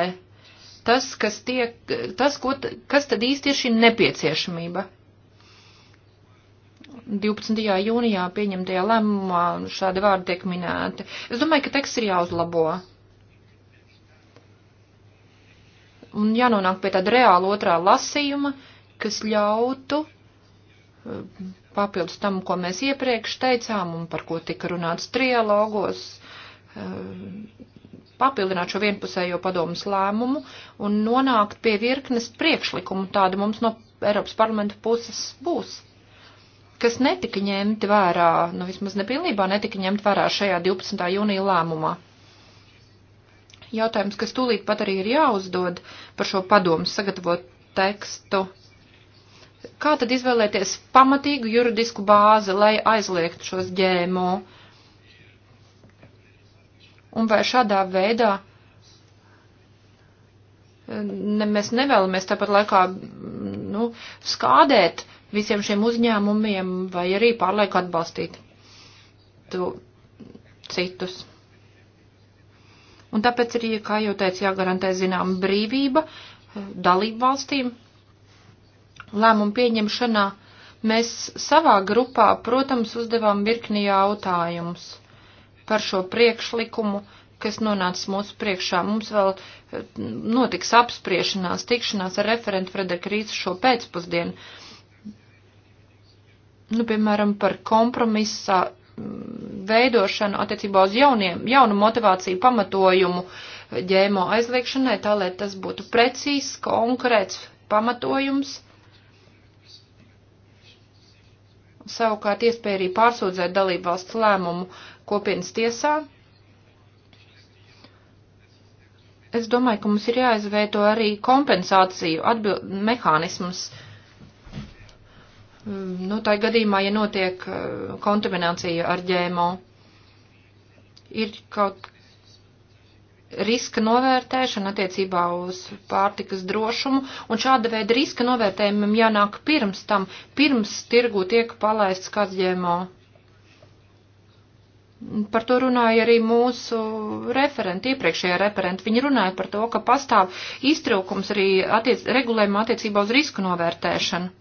tas, kas tiek, tas, ko, kas tad īsti ir šī nepieciešamība. 12. jūnijā pieņemtajā lēmumā šādi vārdi tiek minēti. Es domāju, ka teksts ir jāuzlabo. Un jānonāk pie tāda reāla otrā lasījuma, kas ļautu eh, papildus tam, ko mēs iepriekš teicām un par ko tika runāts trialogos, Um, papildināt šo vienpusējo padomus lēmumu un nonākt pie virknes priekšlikumu, tāda mums no Eiropas parlamenta puses būs, kas netika ņemti vērā, nu vismaz nepilnībā netika ņemt vērā šajā 12. jūnija lēmumā. Jautājums, kas tūlīt pat arī ir jāuzdod par šo padomu sagatavot tekstu. Kā tad izvēlēties pamatīgu juridisku bāzi, lai aizliegtu šos ģēmo? Uh, un vai šādā veidā eh, ne, mēs nevēlamies tāpat laikā nu, skādēt visiem šiem uzņēmumiem vai arī pārlieku atbalstīt tu, citus. Un tāpēc arī, kā jau teicu, jāgarantē zinām brīvība eh, dalību valstīm. Lēmumu pieņemšanā mēs savā grupā, protams, uzdevām virkni jautājumus par šo priekšlikumu, kas nonāca mūsu priekšā. Mums vēl eh, notiks apspriešanās, tikšanās ar referentu Frederiku Rīsu šo pēcpusdienu. Nu, piemēram, par kompromisa mm, veidošanu attiecībā uz jauniem, jaunu motivāciju pamatojumu ģēmo aizliekšanai, tā lai tas būtu precīzs, konkrēts pamatojums. Savukārt iespēja arī pārsūdzēt dalību valsts lēmumu uh, kopienas tiesā. Es domāju, ka mums ir jāizveido arī kompensāciju atbild, mehānismus. Mm, nu, tā gadījumā, ja notiek eh, kontaminācija ar ģēmo, ir kaut riska novērtēšana attiecībā uz pārtikas drošumu, un šāda veida riska novērtējumam jānāk pirms tam, pirms tirgu tiek palaists kāds ģēmo. Par to runāja arī mūsu referenti, iepriekšējā referenti. Viņi runāja par to, ka pastāv iztrūkums arī attiec, regulējuma attiecībā uz risku novērtēšanu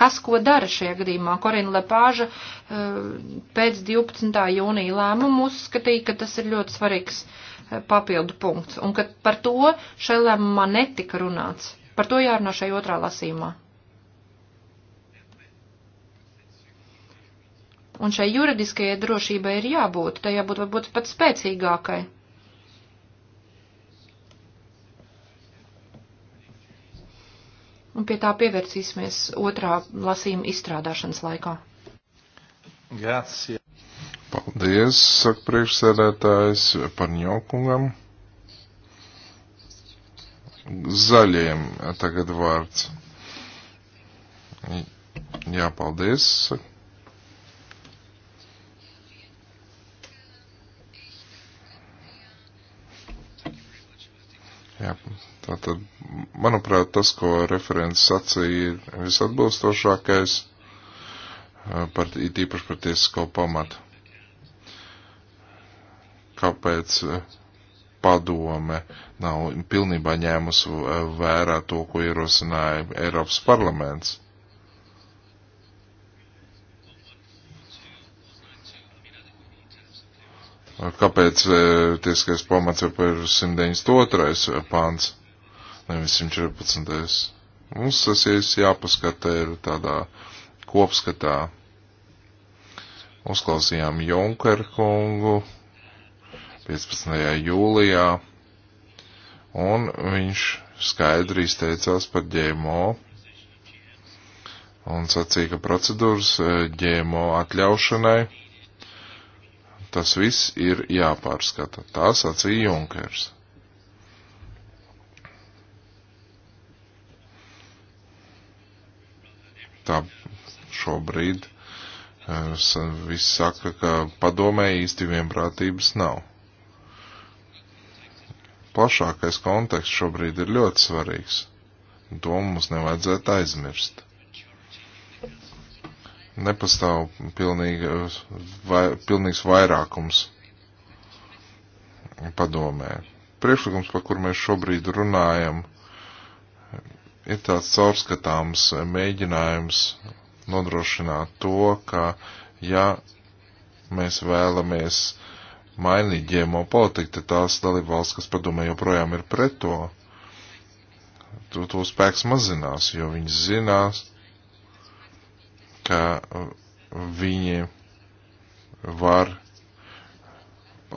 kas ko dara šajā gadījumā. Korina Lepāža eh, pēc 12. jūnija lēmumu uzskatīja, ka tas ir ļoti svarīgs eh, papildu punkts un ka par to šai lēmumā netika runāts. Par to jārunā šai otrā lasījumā. un šai juridiskajai drošībai ir jābūt, tai jābūt varbūt pat spēcīgākai. Un pie tā pievērsīsimies otrā lasījuma izstrādāšanas laikā. Grazie. Paldies, saka priekšsēdētājs par ņokungam. Zaļiem tagad vārds. Jā, paldies, saka Tātad, manuprāt, tas, ko referents sacīja, ir visatbilstošākais par, tīpaši par tiesisko pamatu. Kāpēc padome nav pilnībā ņēmusi vērā to, ko ierosināja Eiropas parlaments? Kāpēc tieskais pamats ir par 192. pāns? nevis 114. Mums tas ir jāpaskata ir tādā kopskatā. Uzklausījām Junker kungu 15. jūlijā, un viņš skaidri izteicās par ģēmo un sacīja, ka procedūras e, ģēmo atļaušanai tas viss ir jāpārskata. Tā sacīja Junkers. tā šobrīd eh, viss saka, ka padomē īsti vienprātības nav. Plašākais konteksts šobrīd ir ļoti svarīgs. To mums nevajadzētu aizmirst. Nepastāv pilnīga, vai, pilnīgs vairākums padomē. Priekšlikums, par kur mēs šobrīd runājam, ir tāds caurskatāms mēģinājums nodrošināt to, ka ja mēs vēlamies mainīt ģēmo politiku, tad tās dalībvalsts, kas padomē joprojām ir pret to, to, to spēks mazinās, jo viņi zinās, ka uh, viņi var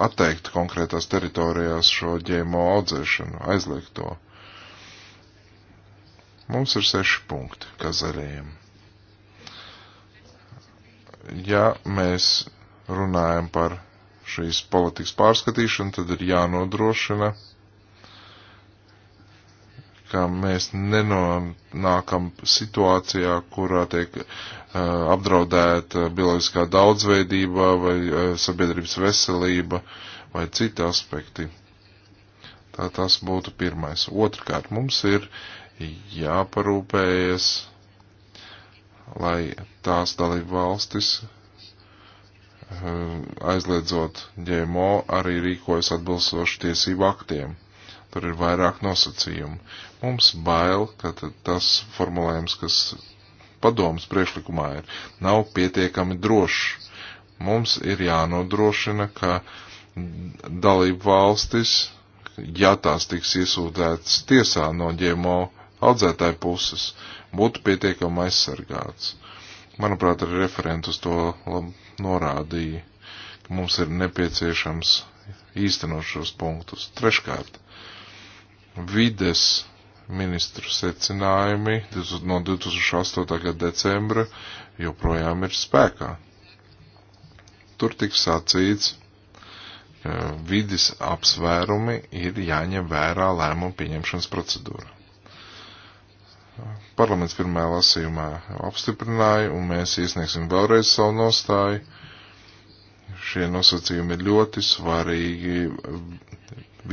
atteikt konkrētās teritorijās šo ģēmo audzēšanu, aizliegt to. Mums ir seši punkti, kā zaļajiem. Ja mēs runājam par šīs politikas pārskatīšanu, tad ir jānodrošina, ka mēs nenonākam situācijā, kurā tiek uh, apdraudēta bioloģiskā daudzveidība vai uh, sabiedrības veselība vai citi aspekti. Tā tas būtu pirmais. Otrkārt, mums ir jāparūpējas, lai tās dalību valstis, eh, aizliedzot ģēmo, arī rīkojas atbilstoši tiesību aktiem. Tur ir vairāk nosacījumu. Mums bail, ka tas formulējums, kas padomas priekšlikumā ir, nav pietiekami drošs. Mums ir jānodrošina, ka dalību valstis, ja tās tiks iesūtētas tiesā no ģēmo, audzētāju puses būtu pietiekami aizsargāts. Manuprāt, arī referents uz to norādīja, ka mums ir nepieciešams īstenot šos punktus. Treškārt, vides ministru secinājumi no 2008. gada decembra joprojām ir spēkā. Tur tik sacīts, ka vidas apsvērumi ir jāņem vērā lēmumu pieņemšanas procedūra parlaments pirmajā lasījumā apstiprināja, un mēs iesniegsim vēlreiz savu nostāju. Šie nosacījumi ir ļoti svarīgi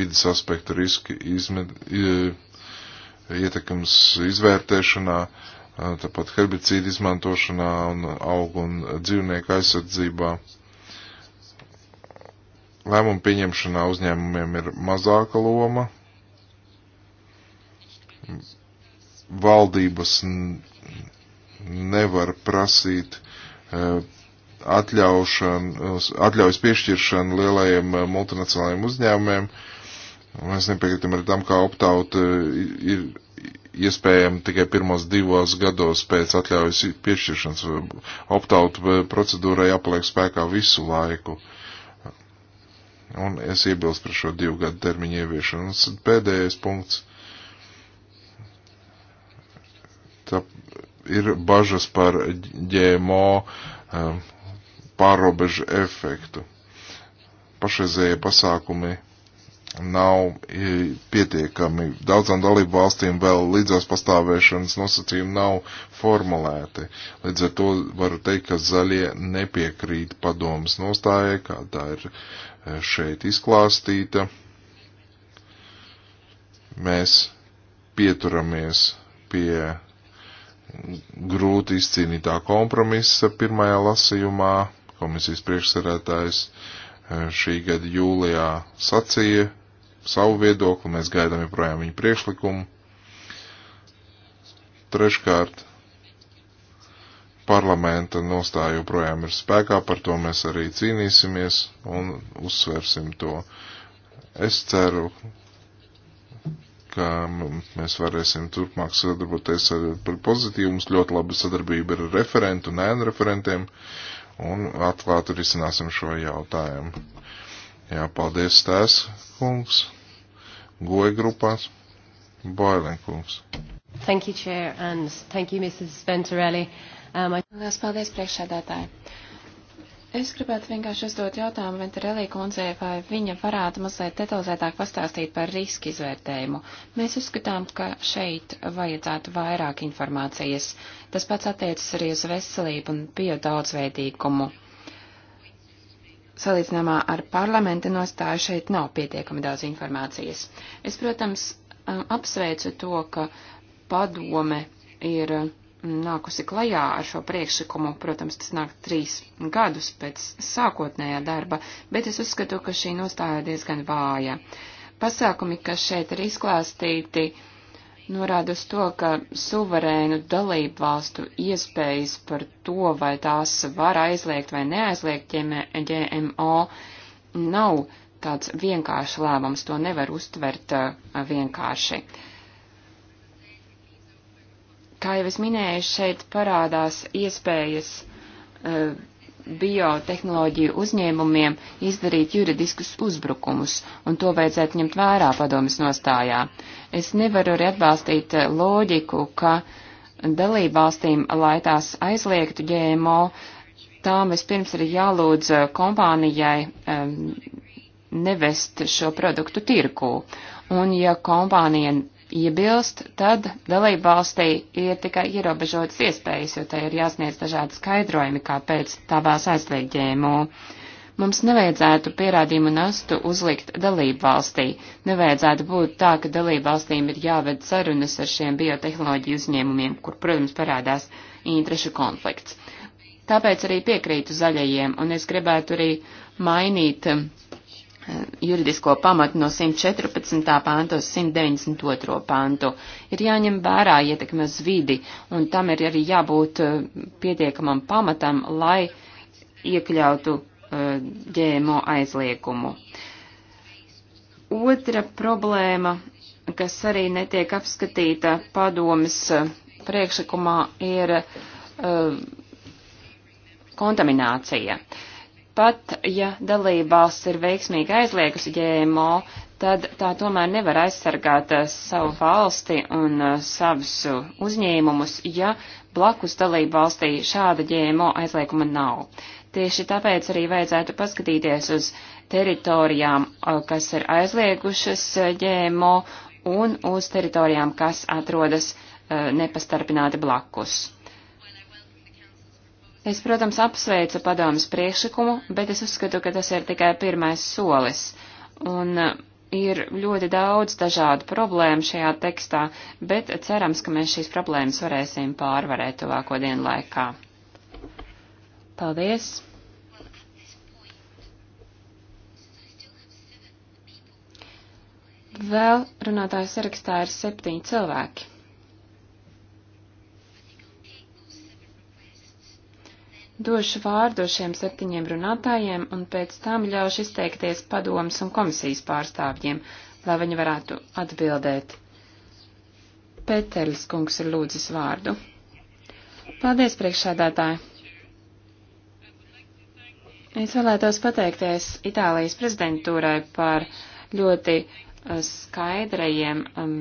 vidas aspektu riska izmed, ietekams izvērtēšanā, tāpat herbicīdu izmantošanā un augu un dzīvnieku aizsardzībā. Lēmumu pieņemšanā uzņēmumiem ir mazāka loma, valdības nevar prasīt e, atļaujas piešķiršanu lielajiem e, multinacionālajiem uzņēmumiem. Mēs nepiekrītam arī tam, kā optaut e, ir iespējami tikai pirmos divos gados pēc atļaujas piešķiršanas. Optaut procedūrai jāpaliek spēkā visu laiku. Un es iebilstu par šo divu gadu termiņu ieviešanu. Un pēdējais punkts tā ir bažas par ģēmo eh, pārobežu efektu. Pašreizējie pasākumi nav eh, pietiekami. Daudzām dalību valstīm vēl līdzās pastāvēšanas nosacījumi nav formulēti. Līdz ar to varu teikt, ka zaļie nepiekrīt padomas nostājai, kā tā ir eh, šeit izklāstīta. Mēs pieturamies pie grūti izcīnītā kompromisa pirmajā lasījumā. Komisijas priekšsarētājs e, šī gada jūlijā sacīja savu viedokli, mēs gaidām joprojām viņa priekšlikumu. Treškārt, parlamenta nostāja joprojām ir spēkā, par to mēs arī cīnīsimies un uzsversim to. Es ceru, ka mēs varēsim turpmāk sadarboties ar, par pozitīvu. Mums ļoti laba sadarbība ir ar referentu un ēnu referentiem, un atklāti risināsim šo jautājumu. Jā, paldies, Stēs kungs, goja grupās, Boilen kungs. Thank you, Chair, and thank you, Mrs. Venturelli. Um, I... Paldies, priekšsēdētāji. Es gribētu vienkārši uzdot jautājumu Ventarelī kundzei, vai viņa varētu mazliet detalizētāk pastāstīt par riska izvērtējumu. Mēs uzskatām, ka šeit vajadzētu vairāk informācijas. Tas pats attiecas arī uz veselību un biodaudzveidīgumu. Salīdzinājumā ar parlamenta nostāju šeit nav pietiekami daudz informācijas. Es, protams, um, apsveicu to, ka padome ir nākusi klajā ar šo priekšlikumu. Protams, tas nāk trīs gadus pēc sākotnējā darba, bet es uzskatu, ka šī nostāja diezgan vāja. Pasākumi, kas šeit ir izklāstīti, norāda uz to, ka suverēnu dalību valstu iespējas par to, vai tās var aizliegt vai neaizliegt GMO, nav tāds vienkāršs lēmums, to nevar uztvert uh, vienkārši. Uh, Kā jau es minēju, šeit parādās iespējas uh, biotehnoloģiju uzņēmumiem izdarīt juridiskus uzbrukumus, un to vajadzētu ņemt vērā padomas nostājā. Es nevaru arī atbalstīt e, loģiku, ka dalībvalstīm, lai tās aizliegtu GMO, tām vispirms ir jālūdz e, kompānijai um, nevest šo produktu tirku. Un ja kompānija iebilst, tad dalība valstī ir tikai ierobežotas iespējas, jo tai ir jāsniedz dažādi skaidrojumi, kāpēc tā vēlas aizliegt ģēmo. Mums nevajadzētu pierādījumu nastu uzlikt dalību valstī. Nevajadzētu būt tā, ka dalību valstīm ir jāved sarunas ar šiem biotehnoloģiju uzņēmumiem, kur, protams, parādās interešu konflikts. Tāpēc arī piekrītu zaļajiem, un es gribētu arī mainīt juridisko pamatu no 114. pānta uz 192. pāntu. Ir jāņem vērā ietekme uz vidi, un tam ir arī jābūt eh, pietiekamam pamatam, lai iekļautu eh, ģēmo aizliegumu. Otra problēma, kas arī netiek apskatīta padomas eh, priekšlikumā, ir kontaminācija. Uh, Pat ja dalībvalsts ir veiksmīgi aizliegusi GMO, tad tā tomēr nevar aizsargāt eh, savu valsti un eh, savus eh, uzņēmumus, ja blakus dalībvalstī šāda GMO aizlieguma nav. Tieši tāpēc arī vajadzētu paskatīties uz teritorijām, kas ir aizliegušas ģēmo, un uz teritorijām, kas atrodas nepastarpināti blakus. Es, protams, apsveicu padomas priekšlikumu, bet es uzskatu, ka tas ir tikai pirmais solis. Un uh, ir ļoti daudz dažādu problēmu šajā tekstā, bet cerams, ka mēs šīs problēmas varēsim pārvarēt tuvāko dienu laikā. Paldies! Vēl runātāju sarakstā ir septiņi cilvēki. Došu vārdu šiem septiņiem runātājiem un pēc tam ļaušu izteikties padomas un komisijas pārstāvjiem, lai viņi varētu atbildēt. Pēteris kungs ir lūdzis vārdu. Paldies, priekšsēdētāji! Es vēlētos pateikties Itālijas prezidentūrai par ļoti eh, skaidrajiem um,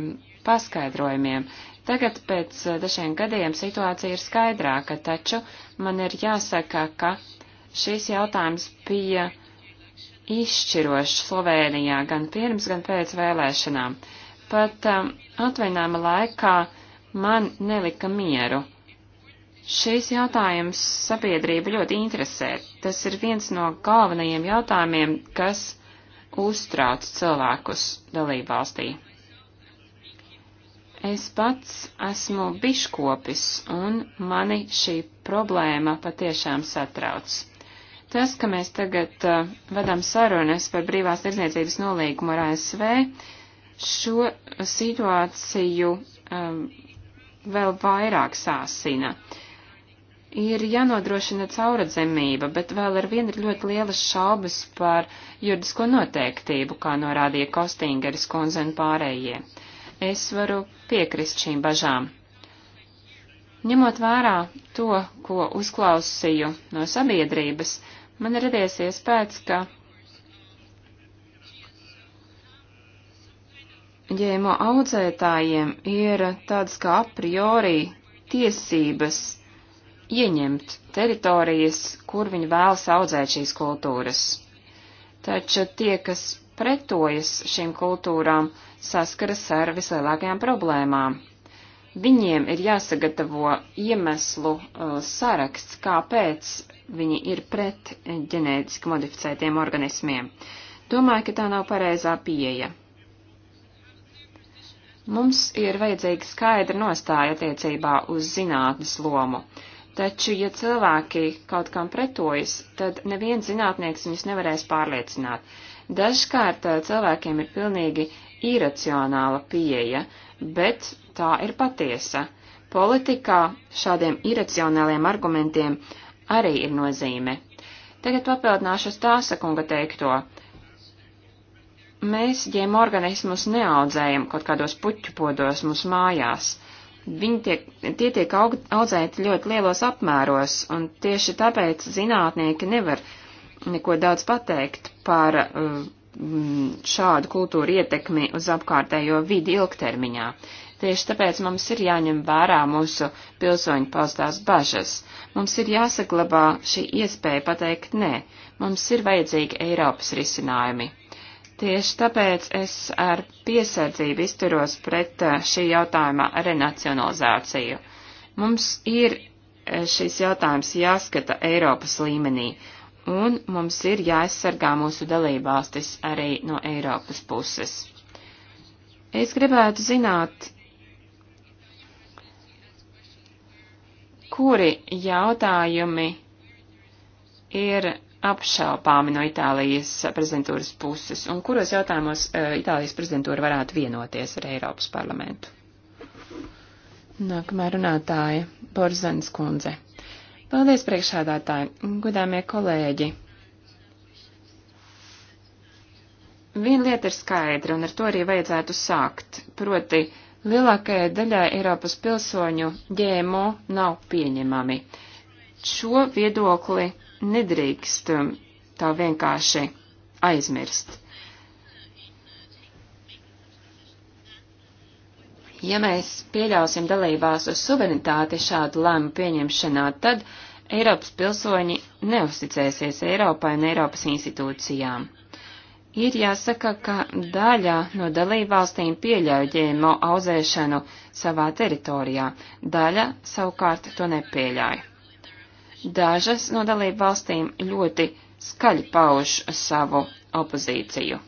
paskaidrojumiem. Tagad pēc eh, dažiem gadiem situācija ir skaidrāka, taču man ir jāsaka, ka šīs jautājums bija izšķirošs Slovēnijā gan pirms, gan pēc vēlēšanām. Pat um, atvainājuma laikā man nelika mieru. Šīs jautājums sabiedrību ļoti interesē. Tas ir viens no galvenajiem jautājumiem, kas uztrauc cilvēkus dalībvalstī. Es pats esmu biškopis, un mani šī problēma patiešām satrauc. Tas, ka mēs tagad uh, vedam sarunas par brīvās tirdzniecības nolīgumu ar ASV, šo situāciju um, vēl vairāk sāsina. Ir jānodrošina cauradzemība, bet vēl ar vienu ir ļoti lielas šaubas par juridisko noteiktību, kā norādīja Kostingeris kundze un pārējie. Uh, es varu piekrist šīm bažām. Ņemot vērā to, ko uzklausīju no sabiedrības, man ir radies iespējas, ka ģēmo audzētājiem ir tādas kā a priori tiesības ieņemt teritorijas, kur viņi vēlas audzēt šīs kultūras. Taču tie, kas pretojas šīm kultūrām, saskaras ar vislielākajām problēmām. Viņiem ir jāsagatavo iemeslu uh, saraksts, kāpēc viņi ir pret ģenētiski modificētiem organismiem. Domāju, ka tā nav pareizā pieeja. Mums ir vajadzīga skaidra nostāja attiecībā uz zinātnes lomu, taču, ja cilvēki kaut kam pretojas, tad neviens zinātnieks viņus nevarēs pārliecināt. Dažkārt eh, cilvēkiem ir pilnīgi iracionāla pieeja, bet tā ir patiesa. Politikā šādiem iracionāliem argumentiem arī ir nozīme. Tagad papildināšu stāsta kunga teikto. Mēs ģēmu organismus neaudzējam kaut kādos puķu podos mūsu mājās. Viņi tiek, tie tiek aug, audzēti ļoti lielos apmēros, un tieši tāpēc zinātnieki nevar neko daudz pateikt par uh, šādu kultūru ietekmi uz apkārtējo vidi ilgtermiņā. Tieši tāpēc mums ir jāņem vērā mūsu pilsoņu paustās bažas. Mums ir jāsaglabā šī iespēja pateikt nē. Mums ir vajadzīgi Eiropas risinājumi. Tieši tāpēc es ar piesardzību izturos pret uh, šī jautājuma renacionalizāciju. Mums ir uh, šis jautājums jāskata Eiropas līmenī un mums ir jāaizsargā mūsu dalībvalstis arī no Eiropas puses. Es gribētu zināt, kuri jautājumi ir apšaubāmi no Itālijas prezidentūras puses, un kuros jautājumos eh, Itālijas prezidentūra varētu vienoties ar Eiropas parlamentu. Nākamā runātāja Borzans Kundze. Paldies, priekšsēdētāji, godāmie kolēģi. Viena lieta ir skaidra, un ar to arī vajadzētu sākt, proti lielākajai daļai Eiropas pilsoņu ģēmo nav pieņemami. Šo viedokli nedrīkst tā vienkārši aizmirst. Ja mēs pieļausim dalībās uz suverenitāti šādu lēmu pieņemšanā, tad Eiropas pilsoņi neusticēsies Eiropai un Eiropas institūcijām. Ir jāsaka, ka daļa no dalībvalstīm pieļauj ģēmo auzēšanu savā teritorijā, daļa savukārt to nepieļauj. Dažas no dalībvalstīm ļoti skaļi pauž savu opozīciju.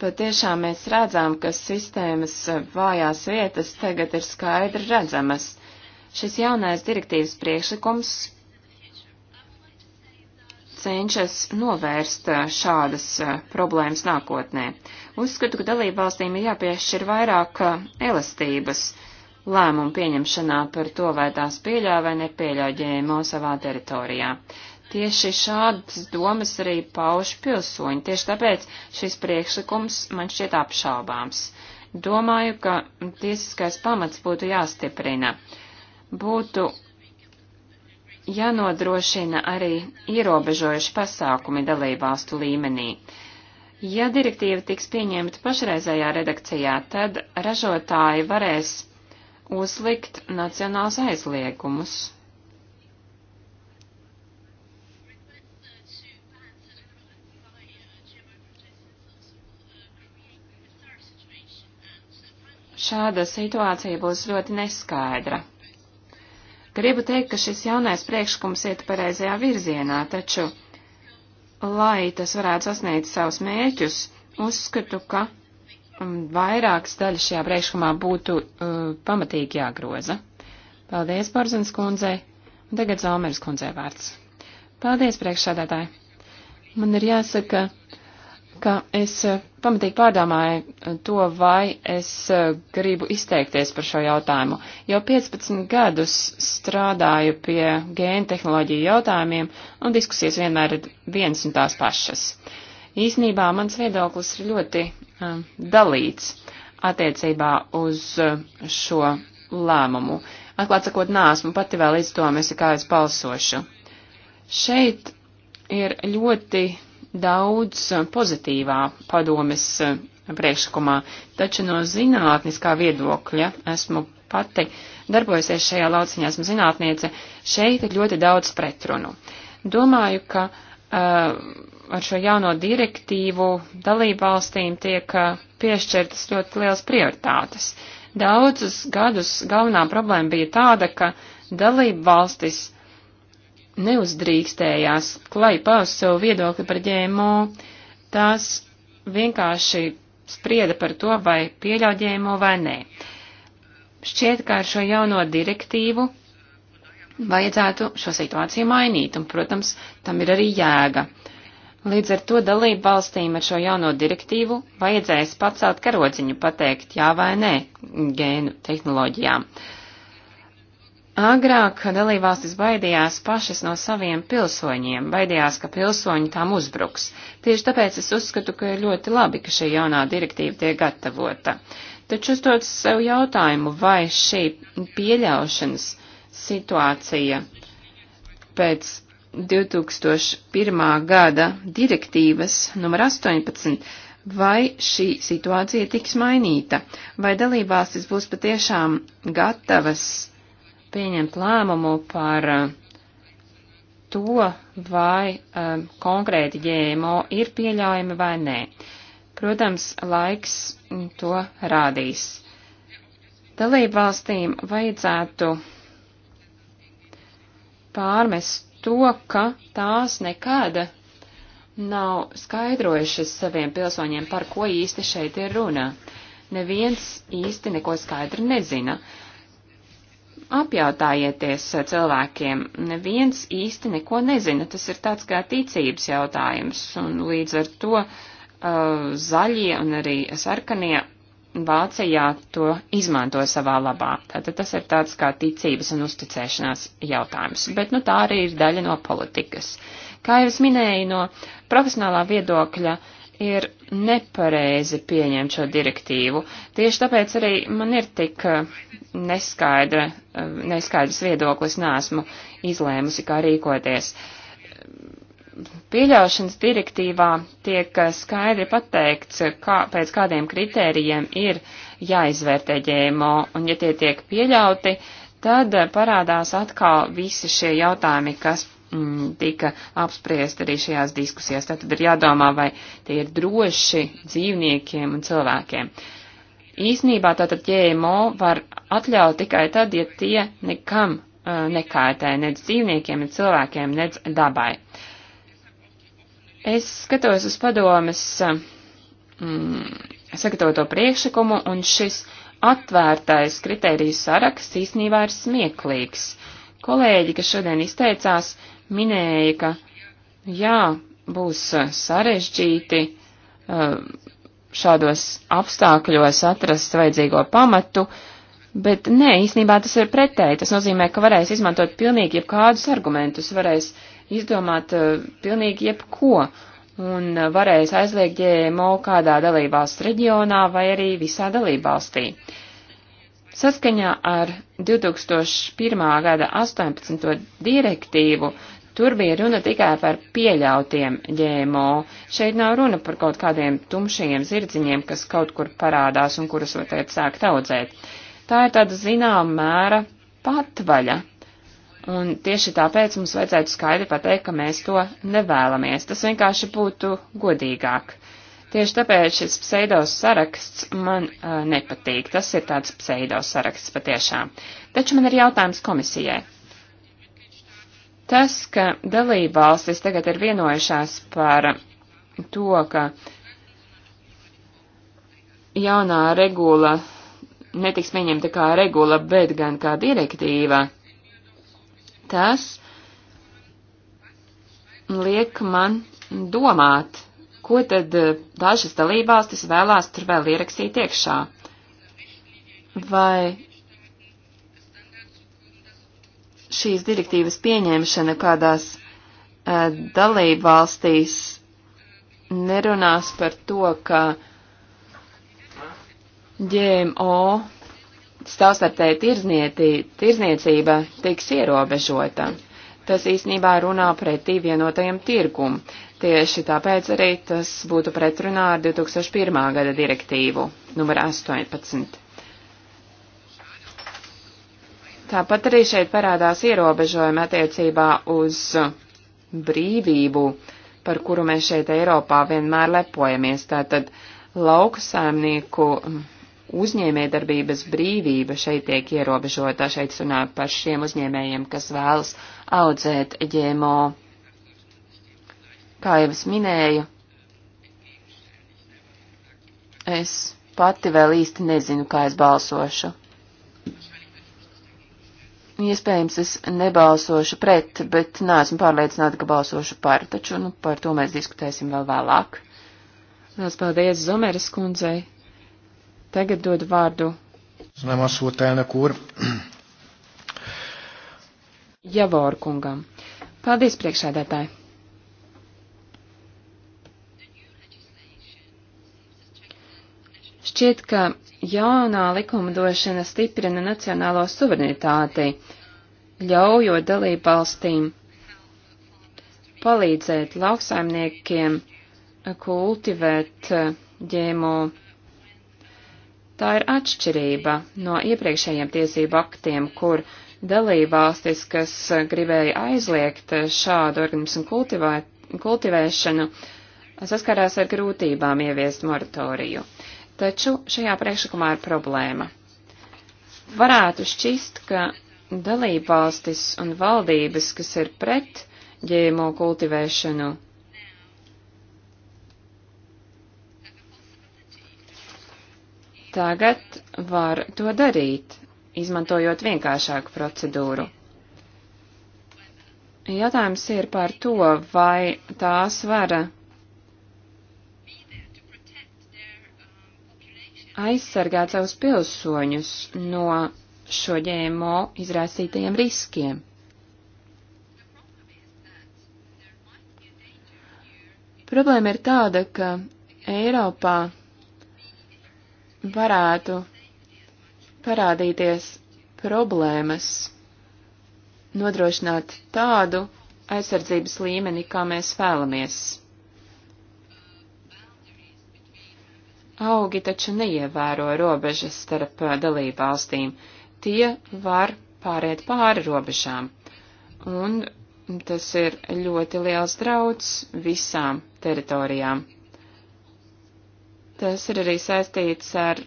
Patiešām mēs redzam, ka sistēmas vājās vietas tagad ir skaidri redzamas. Šis jaunais direktīvas priekšlikums cenšas novērst šādas problēmas nākotnē. Uzskatu, ka dalībvalstīm ir jāpiešķir vairāk elastības lēmumu pieņemšanā par to, vai tās pieļāv vai nepieļauj ģēmo savā teritorijā. Tieši šādas domas arī pauž pilsoņi, tieši tāpēc šis priekšlikums man šķiet apšaubāms. Domāju, ka tiesiskais pamats būtu jāstiprina. Būtu jānodrošina arī ierobežojuši pasākumi dalībvalstu līmenī. Ja direktīva tiks pieņemta pašreizējā redakcijā, tad ražotāji varēs uzlikt nacionāls aizliegumus. šāda situācija būs ļoti neskaidra. Gribu teikt, ka šis jaunais priekšlikums iet pareizajā virzienā, taču, lai tas varētu sasniegt savus mērķus, uzskatu, ka mm, vairākas daļas šajā priekšlikumā būtu uh, pamatīgi jāgroza. Paldies, Borzens kundzei, un tagad Zalmeris kundzei vārds. Paldies, priekšsādātāji. Man ir jāsaka, ka ka es eh, pamatīgi pārdomāju eh, to, vai es eh, gribu izteikties par šo jautājumu. Jau 15 gadus strādāju pie gēnu tehnoloģiju jautājumiem, un diskusijas vienmēr ir viens un tās pašas. Īsnībā mans viedoklis ir ļoti um, dalīts attiecībā uz šo lēmumu. Atklāt sakot, nāsmu pati vēl izdomājusi, kā es balsošu. Šeit ir ļoti daudz pozitīvā padomes e, priekšlikumā, taču no zinātniskā viedokļa esmu pati darbojusies šajā lauciņā, esmu zinātniece, šeit ir ļoti daudz pretrunu. Domāju, ka uh, ar šo jauno direktīvu dalībvalstīm tiek uh, piešķirtas ļoti lielas prioritātes. Daudzus gadus galvenā problēma bija tāda, ka dalībvalstis neuzdrīkstējās klai paust savu viedokli par ģēmo, tās vienkārši sprieda par to, vai pieļaut ģēmo vai nē. Šķiet, ka ar šo jauno direktīvu vajadzētu šo situāciju mainīt, un, protams, tam ir arī jēga. Līdz ar to dalību valstīm ar šo jauno direktīvu vajadzēs pacelt karodziņu, pateikt jā vai nē gēnu tehnoloģijām. Uh, Agrāk dalībvalstis baidījās pašas no saviem pilsoņiem, baidījās, ka pilsoņi tām uzbruks. Tieši tāpēc es uzskatu, ka ir ļoti labi, ka šī jaunā direktīva tiek gatavota. Taču uzdot sev jautājumu, vai šī pieļaušanas situācija pēc 2001. gada direktīvas numur 18 vai šī situācija tiks mainīta, vai dalībvalstis būs patiešām gatavas pieņemt lēmumu par uh, to, vai um, konkrēti ģēmo ir pieļaujami vai nē. Protams, laiks mm, to rādīs. Dalību valstīm vajadzētu pārmest to, ka tās nekad nav skaidrojušas saviem pilsoņiem, par ko īsti šeit ir runā. Neviens īsti neko skaidri nezina. Uh, Apjautājieties eh, cilvēkiem, neviens īsti neko nezina, tas ir tāds kā ticības jautājums, un līdz ar to uh, zaļie un arī sarkanie Vācijā to izmanto savā labā. Tātad tas ir tāds kā ticības un uzticēšanās jautājums, bet nu tā arī ir daļa no politikas. Kā jau es minēju, no profesionālā viedokļa uh, ir nepareizi pieņemt šo direktīvu. Tieši tāpēc arī man ir tik eh, neskaidra, eh, neskaidrs viedoklis, nāsmu izlēmusi, kā rīkoties. Pieļaušanas direktīvā tiek eh, skaidri pateikts, kā, pēc kādiem kritērijiem ir jāizvērtē ģēmo, un ja tie tiek pieļauti, tad parādās atkal visi šie jautājumi, kas mm, tika apspriest arī šajās diskusijās. Tātad ir jādomā, vai tie ir droši dzīvniekiem un cilvēkiem. Īsnībā tātad ģēmo var atļaut tikai tad, ja tie nekam uh, nekaitē, nec dzīvniekiem, nec cilvēkiem, nec dabai. Es skatos uz padomes uh, mm, sagatavoto priekšlikumu, un šis atvērtais kritērijas saraksts īsnībā ir smieklīgs. Kolēģi, kas šodien izteicās, minēja, ka jā, būs uh, sarežģīti uh, šādos apstākļos atrast vajadzīgo pamatu, bet nē, īsnībā tas ir pretēji. Tas nozīmē, ka varēs izmantot pilnīgi jebkādus argumentus, varēs izdomāt uh, pilnīgi jebko un varēs aizliegt GMO kādā dalībvalsts reģionā vai arī visā dalībvalstī. Saskaņā ar 2001. gada 18. direktīvu Tur bija runa tikai par pieļautiem ģēmo. Šeit nav runa par kaut kādiem tumšajiem zirdziņiem, kas kaut kur parādās un kurus var tagad sākt audzēt. Tā ir tāda zināma mēra patvaļa. Un tieši tāpēc mums vajadzētu skaidri pateikt, ka mēs to nevēlamies. Tas vienkārši būtu godīgāk. Tieši tāpēc šis pseidos saraksts man uh, nepatīk. Tas ir tāds pseidos saraksts patiešām. Taču man ir jautājums komisijai. Tas, ka dalībvalstis tagad ir vienojušās par to, ka jaunā regula netiks pieņemta kā regula, bet gan kā direktīva, tas liek man domāt, ko tad eh, dažas dalībvalstis vēlās tur vēl ierakstīt iekšā. Vai šīs direktīvas pieņemšana kādās uh, dalību valstīs nerunās par to, ka GMO savstarpēji tirzniecība tiks ierobežota. Tas īsnībā runā pretī vienotajam tirgum. Tieši tāpēc arī tas būtu pretrunā ar 2001. gada direktīvu numur 18. Tāpat arī šeit parādās ierobežojumi attiecībā uz brīvību, par kuru mēs šeit Eiropā vienmēr lepojamies. Tātad lauksaimnieku uzņēmējdarbības brīvība šeit tiek ierobežota. Šeit runā par šiem uzņēmējiem, kas vēlas audzēt ģēmo. Kā jau es minēju, es pati vēl īsti nezinu, kā es balsošu. Iespējams, es nebalsošu pret, bet neesmu pārliecināta, ka balsošu par, taču nu, par to mēs diskutēsim vēl vēlāk. Lielas paldies Zomeres kundzei. Tagad dodu vārdu. Zinām, asot elnök úr. Javor kungam. Paldies priekšēdētāji. Šķiet, ka jaunā likumdošana stiprina nacionālo suverenitāti, ļaujot dalībvalstīm palīdzēt lauksaimniekiem kultivēt eh, ģēmo. Tā ir atšķirība no iepriekšējiem tiesību aktiem, kur dalībvalstis, kas gribēja aizliegt šādu organismu kultivē, kultivēšanu, saskarās ar grūtībām ieviest moratoriju. Taču šajā priekšlikumā ir problēma. Varētu šķist, ka dalībvalstis un valdības, kas ir pret ģēmo kultivēšanu, tagad var to darīt, izmantojot vienkāršāku procedūru. Jautājums ir par to, vai tās vara aizsargāt savus pilsoņus no šo ģēmo izraisītajiem riskiem. Problēma ir tāda, ka Eiropā varētu parādīties problēmas nodrošināt tādu aizsardzības līmeni, kā mēs vēlamies. augi taču neievēro robežas starp dalību valstīm. Tie var pārēt pāri robežām. Un tas ir ļoti liels drauds visām teritorijām. Tas ir arī saistīts ar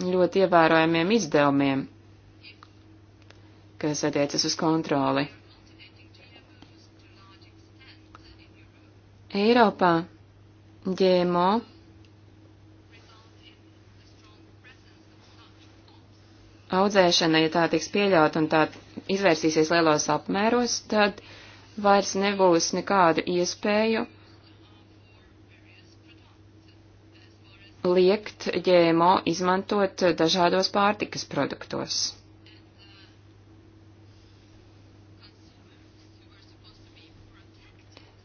ļoti ievērojamiem izdevumiem, kas attiecas uz kontroli. Eiropā ģēmo audzēšana, ja tā tiks pieļaut un tā izvērsīsies lielos apmēros, tad vairs nebūs nekādu iespēju liekt ģēmo izmantot dažādos pārtikas produktos.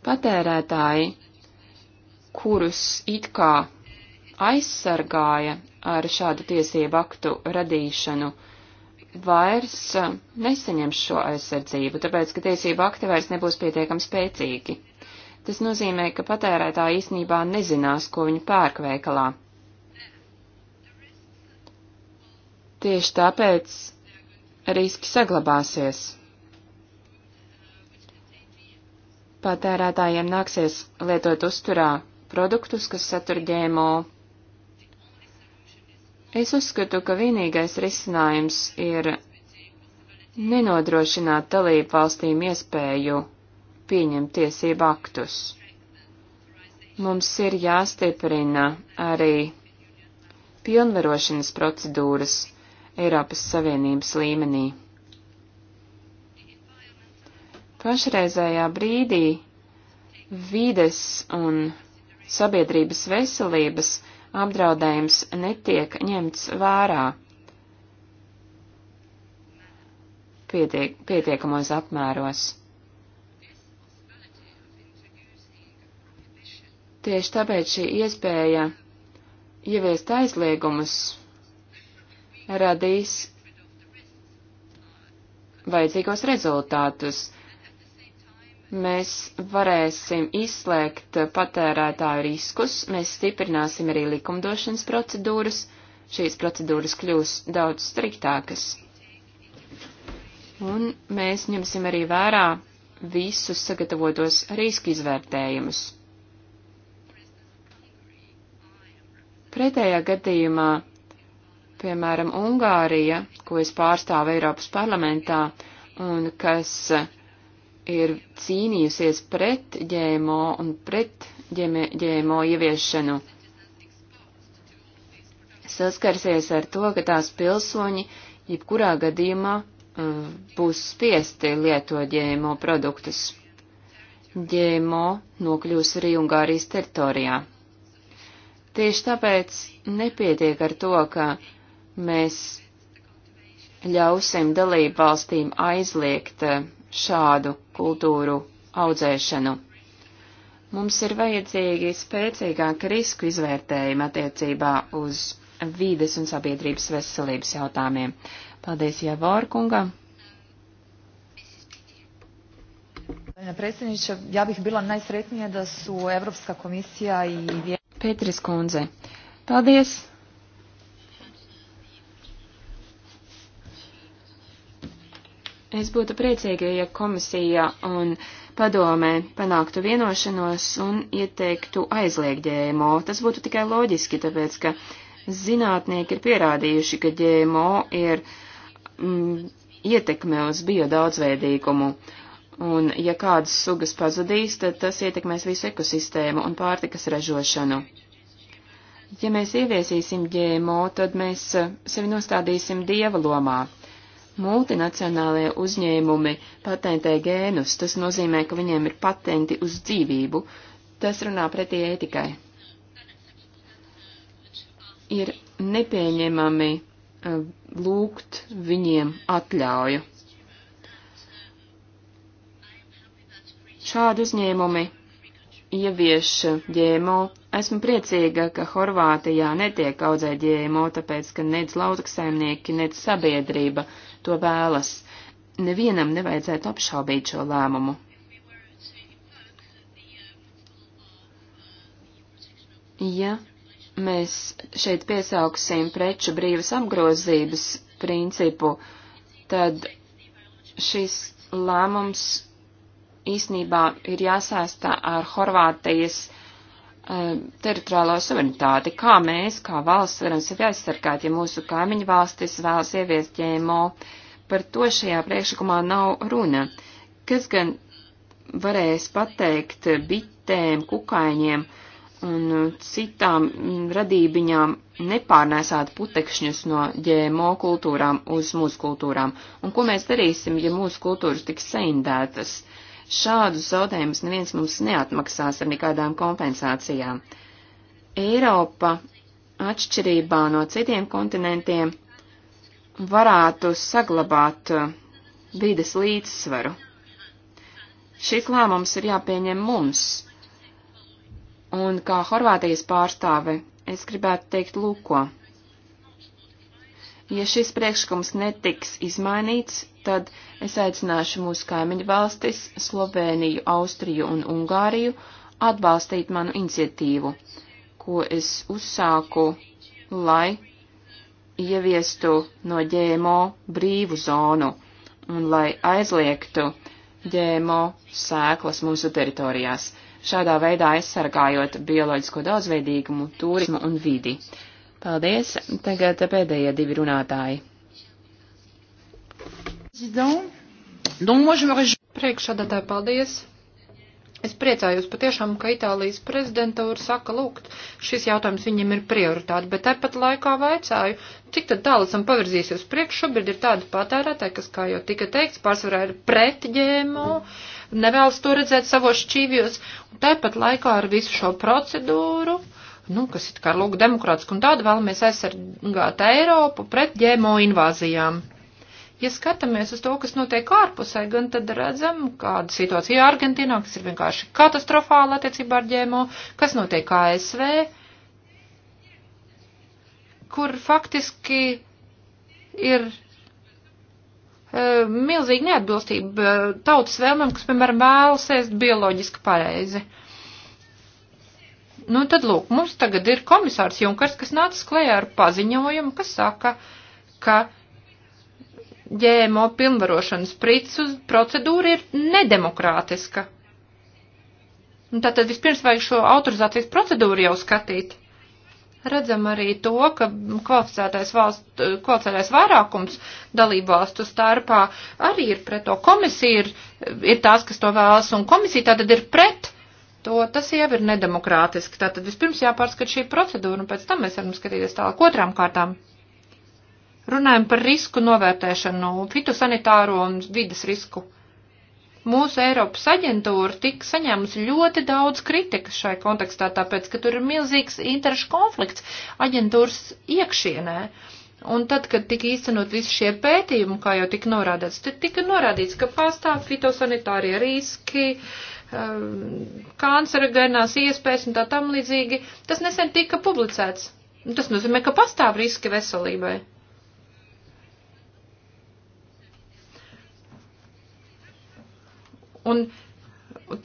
Patērētāji, kurus it kā aizsargāja ar šādu tiesību aktu radīšanu, vairs uh, nesaņems šo aizsardzību, tāpēc, ka tiesību akti vairs nebūs pietiekami spēcīgi. Tas nozīmē, ka patērētāji īsnībā nezinās, ko viņi pērk veikalā. Tieši tāpēc riski saglabāsies. Patērētājiem nāksies lietot uzturā produktus, kas satur ģēmo Es uzskatu, ka vienīgais risinājums ir nenodrošināt dalību valstīm iespēju pieņemt tiesību aktus. Mums ir jāstiprina arī pilnvarošanas procedūras Eiropas Savienības līmenī. Pašreizējā brīdī vides un sabiedrības veselības apdraudējums netiek ņemts vērā pietiek, pietiekamos apmēros. Tieši tāpēc šī iespēja ieviest aizliegumus radīs vajadzīgos rezultātus mēs varēsim izslēgt patērētāju riskus, mēs stiprināsim arī likumdošanas procedūras, šīs procedūras kļūs daudz striktākas. Un mēs ņemsim arī vērā visus sagatavotos riski izvērtējumus. Pretējā gadījumā, piemēram, Ungārija, ko es pārstāvu Eiropas parlamentā un kas uh, ir cīnījusies pret ģēmo un pret ģēmo, ģēmo ieviešanu, saskarsies ar to, ka tās pilsoņi jebkurā gadījumā um, būs spiesti lietot ģēmo produktus. ģēmo nokļūs arī Ungārijas teritorijā. Tieši tāpēc nepietiek ar to, ka mēs ļausim dalību valstīm aizliegt uh, šādu kultūru audzēšanu. Mums ir vajadzīgi spēcīgāki risku izvērtējumi attiecībā uz vīdes un sabiedrības veselības jautājumiem. Paldies, Javor kungam! Predsjedniče, ja bih bila najsretnija da su Europska komisija i Petris Kunze. Paldies! Es būtu priecīga, ja komisija un padomē panāktu vienošanos un ieteiktu aizliegt ģēmo. Tas būtu tikai loģiski, tāpēc, ka zinātnieki ir pierādījuši, ka ģēmo ir mm, ietekme uz biodaudzveidīgumu. Un ja kādas sugas pazudīs, tad tas ietekmēs visu ekosistēmu un pārtikas ražošanu. Ja mēs ieviesīsim ģēmo, tad mēs sevi nostādīsim dieva lomā Multinacionālie uzņēmumi patentē gēnus, tas nozīmē, ka viņiem ir patenti uz dzīvību. Tas runā pretī ētikai. Ir nepieņemami uh, lūgt viņiem atļauju. Šādi uzņēmumi ievieš ģēmo. Esmu priecīga, ka Horvātijā netiek audzēt ģēmo, tāpēc, ka nec lauksaimnieki, nec sabiedrība uh, to vēlas. Nevienam nevajadzētu apšaubīt šo lēmumu. Ja mēs šeit piesauksim preču brīvas apgrozības principu, tad šis lēmums īsnībā ir jāsāstā ar Horvātijas uh, Eh, teritoriālo suverenitāti, kā mēs, kā valsts, varam sevi aizsargāt, ja mūsu kaimiņu valstis vēlas ieviest ģēmo. Par to šajā priekšlikumā nav runa. Kas gan varēs pateikt bitēm, kukaiņiem un citām radībiņām nepārnēsāt putekšņus no ģēmo kultūrām uz mūsu kultūrām? Un ko mēs darīsim, ja mūsu kultūras tiks saindētas? Šādus zaudējumus neviens mums neatmaksās ar nekādām kompensācijām. Eiropa, atšķirībā no citiem kontinentiem, varētu saglabāt uh, vides līdzsvaru. Šis lēmums ir jāpieņem mums. Un kā Horvātijas pārstāve, es gribētu teikt lūko. Ja šis priekšlikums netiks izmainīts, tad es aicināšu mūsu kaimiņu valstis, Sloveniju, Austriju un Ungāriju, atbalstīt manu iniciatīvu, ko es uzsāku, lai ieviestu no ģēmo brīvu zonu un lai aizliegtu ģēmo sēklas mūsu teritorijās, šādā veidā aizsargājot bioloģisko daudzveidīgumu, turismu un vidi. Paldies. Tagad pēdējie divi runātāji. Priekšādātāji, paldies. Es priecājos patiešām, ka Itālijas prezidentūra saka, lūk, šis jautājums viņiem ir prioritāte, bet tāpat laikā vaicāju, cik tad tālu esam pavirzījusies priekš, šobrīd ir tāda patērētāja, kas, kā jau tika teikts, pārsvarā ir pret ģēmo, nevēlas to redzēt savos šķīvjos, un tāpat laikā ar visu šo procedūru nu, kas it kā lūk demokrātiski un tāda vēlamies aizsargāt Eiropu pret ģēmo invāzijām. Ja skatāmies uz to, kas notiek ārpusē, gan tad redzam, kāda situācija Argentīnā, kas ir vienkārši katastrofāla attiecībā ar ģēmo, kas notiek ASV, kur faktiski ir e, milzīga neatbilstība e, tautas vēlmēm, kas, piemēram, vēlas ēst bioloģiski pareizi. Uh, Nu, tad lūk, mums tagad ir komisārs Junkars, kas nāca klajā ar paziņojumu, kas saka, ka ģēmo pilnvarošanas procedūra ir nedemokrātiska. Un tātad vispirms vajag šo autorizācijas procedūru jau skatīt. Redzam arī to, ka kvalificētais, valst, kvalificētais vairākums dalību valstu starpā arī ir pret to. Komisija ir, ir tās, kas to vēlas, un komisija tātad ir pret uh, to tas jau ir nedemokrātiski. Tātad vispirms jāpārskat šī procedūra, un pēc tam mēs varam skatīties tālāk otrām kārtām. Runājam par risku novērtēšanu, fitosanitāro un vidas risku. Mūsu Eiropas aģentūra tika saņēmusi ļoti daudz kritikas šai kontekstā, tāpēc, ka tur ir milzīgs interešu konflikts aģentūras iekšienē. Un tad, kad tika īstenot visi šie pētījumi, kā jau tika norādīts, tad tika norādīts, ka pastāv fitosanitārie riski, uh, Um, kancerogēnās iespējas un tā tam līdzīgi, tas nesen tika publicēts. Tas nozīmē, ka pastāv riski veselībai. Un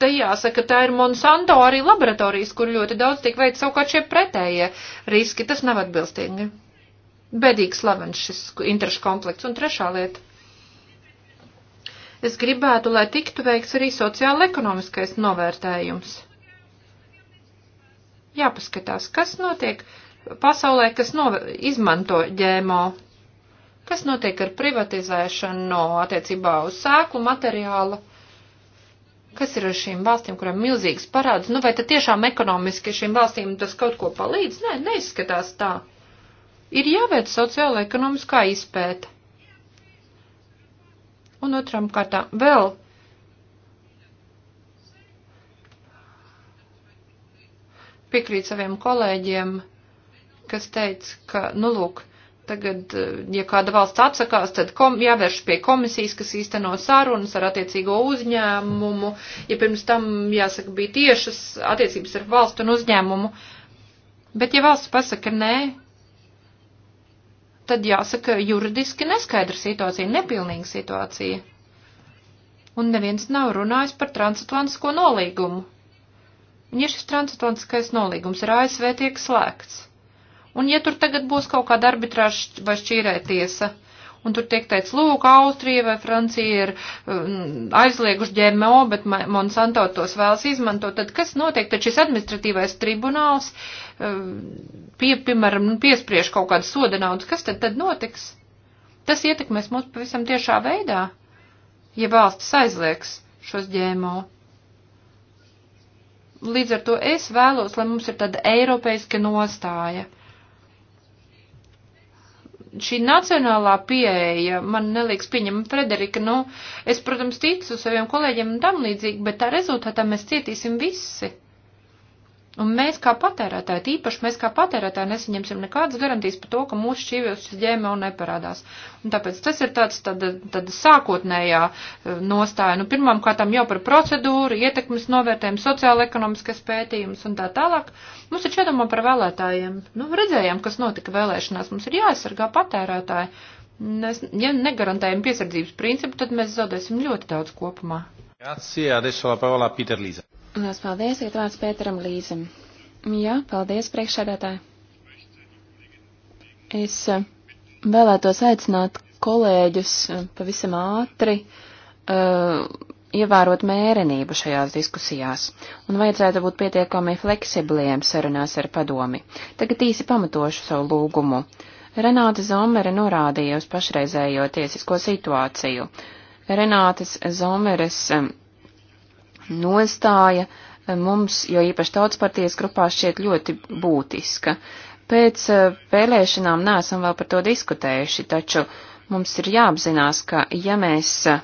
te jāsaka, tā ir Monsanto arī laboratorijas, kur ļoti daudz tiek veids savukārt šie pretējie riski. Tas nav atbilstīgi. Bedīgs slavens šis interešu konflikts. Un trešā lieta es gribētu, lai tiktu veikts arī sociāla-ekonomiskais novērtējums. Jāpaskatās, kas notiek pasaulē, kas no, izmanto ģēmo, kas notiek ar privatizēšanu no attiecībā uz sēklu materiālu, kas ir ar šīm valstīm, kurām milzīgs parāds, nu vai tad tiešām ekonomiski šīm valstīm tas kaut ko palīdz? Nē, neizskatās tā. Ir jāveic sociāla-ekonomiskā izpēta Un otram kārtām vēl piekrīt saviem kolēģiem, kas teica, ka, nu lūk, tagad, eh, ja kāda valsts atsakās, tad kom, jāvērš pie komisijas, kas īsteno sarunas ar attiecīgo uzņēmumu, ja pirms tam, jāsaka, bija tiešas attiecības ar valstu un uzņēmumu. Bet ja valsts pasaka nē, tad jāsaka juridiski neskaidra situācija, nepilnīga situācija. Un neviens nav runājis par transatlantisko nolīgumu. Un ja šis transatlantiskais nolīgums ir ASV tiek slēgts, un ja tur tagad būs kaut kāda arbitrāža vai šķīrētiesa, tiesa, un tur tiek teikts, lūk, Austrija vai Francija ir um, aizlieguši GMO, bet Monsanto tos vēlas izmantot, tad kas notiek, tad šis administratīvais tribunāls, um, pie, piemēram, nu, piespriež kaut kādu soda naudu, kas tad, tad notiks? Tas ietekmēs mūs pavisam tiešā veidā, ja valstis aizliegs šos GMO. Līdz ar to es vēlos, lai mums ir tāda eiropeiska nostāja šī nacionālā pieeja man neliks pieņemama Frederika, nu, es, protams, ticu saviem kolēģiem un tam līdzīgi, bet tā rezultātā mēs cietīsim visi. Un mēs kā patērētāji, tīpaši mēs kā patērētāji nesaņemsim nekādas garantijas par to, ka mūsu šķīvjos šis ģēmeo neparādās. Un tāpēc tas ir tāds tāda, tāda sākotnējā e, nostāja. Nu, pirmām kārtām jau par procedūru, ietekmes novērtējumu, sociāla-ekonomiskas pētījumus un tā tālāk. Mums taču jādomā par vēlētājiem. Nu, redzējām, kas notika vēlēšanās. Mums ir jāaizsargā patērētāji. Mēs, ja negarantējam piesardzības principu, tad mēs zaudēsim ļoti daudz kopumā. Grazie, adesso la parola a Peter Lisa. Lielas paldies, iet vārds Pēteram Līzam. Jā, paldies, priekšsēdētāji. Es eh, vēlētos aicināt kolēģus eh, pavisam ātri uh, ievērot mērenību šajās diskusijās, un vajadzētu būt pietiekami fleksibliem sarunās ar padomi. Tagad īsi pamatošu savu lūgumu. Renāta Zomere norādīja uz pašreizējo tiesisko situāciju. Renātas Zomeres nostāja eh, mums, jo īpaši tautspartijas grupā šķiet ļoti būtiska. Pēc eh, vēlēšanām neesam vēl par to diskutējuši, taču mums ir jāapzinās, ka ja mēs eh,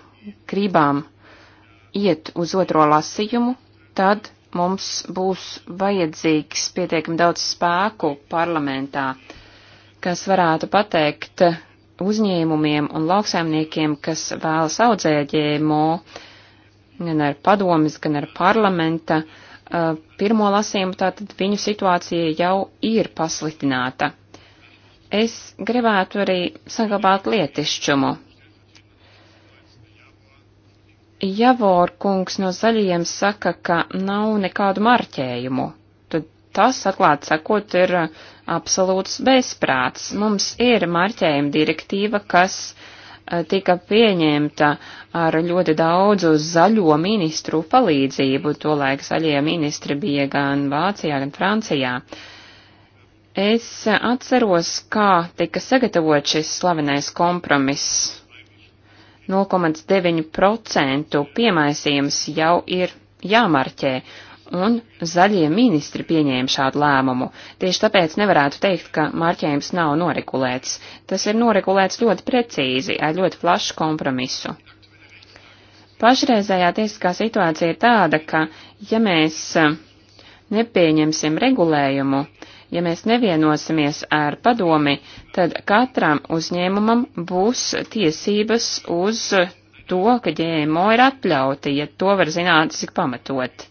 gribām iet uz otro lasījumu, tad mums būs vajadzīgs pietiekami daudz spēku parlamentā, kas varētu pateikt uzņēmumiem un lauksaimniekiem, kas vēlas audzēt ģēmo, gan ar padomis, gan ar parlamenta uh, pirmo lasījumu, tātad viņu situācija jau ir pasliktināta. Es gribētu arī saglabāt lietišķumu. Javor kungs no zaļajiem saka, ka nav nekādu marķējumu. Tad tas, atklāt sakot, ir uh, absolūts bezprāts. Mums ir marķējuma direktīva, kas Eh, tika pieņemta ar ļoti daudzu zaļo ministru palīdzību, tolaik zaļie ministri bija gan Vācijā, gan Francijā. Es atceros, kā tika sagatavot šis slavenais kompromiss. 0,9% piemaisījums jau ir jāmarķē, un zaļie ministri pieņēma šādu lēmumu. Tieši tāpēc nevarētu teikt, ka marķējums nav noregulēts. Tas ir noregulēts ļoti precīzi, ar ļoti plašu kompromisu. Pašreizējā tiesiskā situācija ir tāda, ka ja mēs eh, nepieņemsim regulējumu, ja mēs nevienosimies ar padomi, tad katram uzņēmumam būs tiesības uz to, ka ģēmo ir atļauti, ja to var zinātniski pamatot.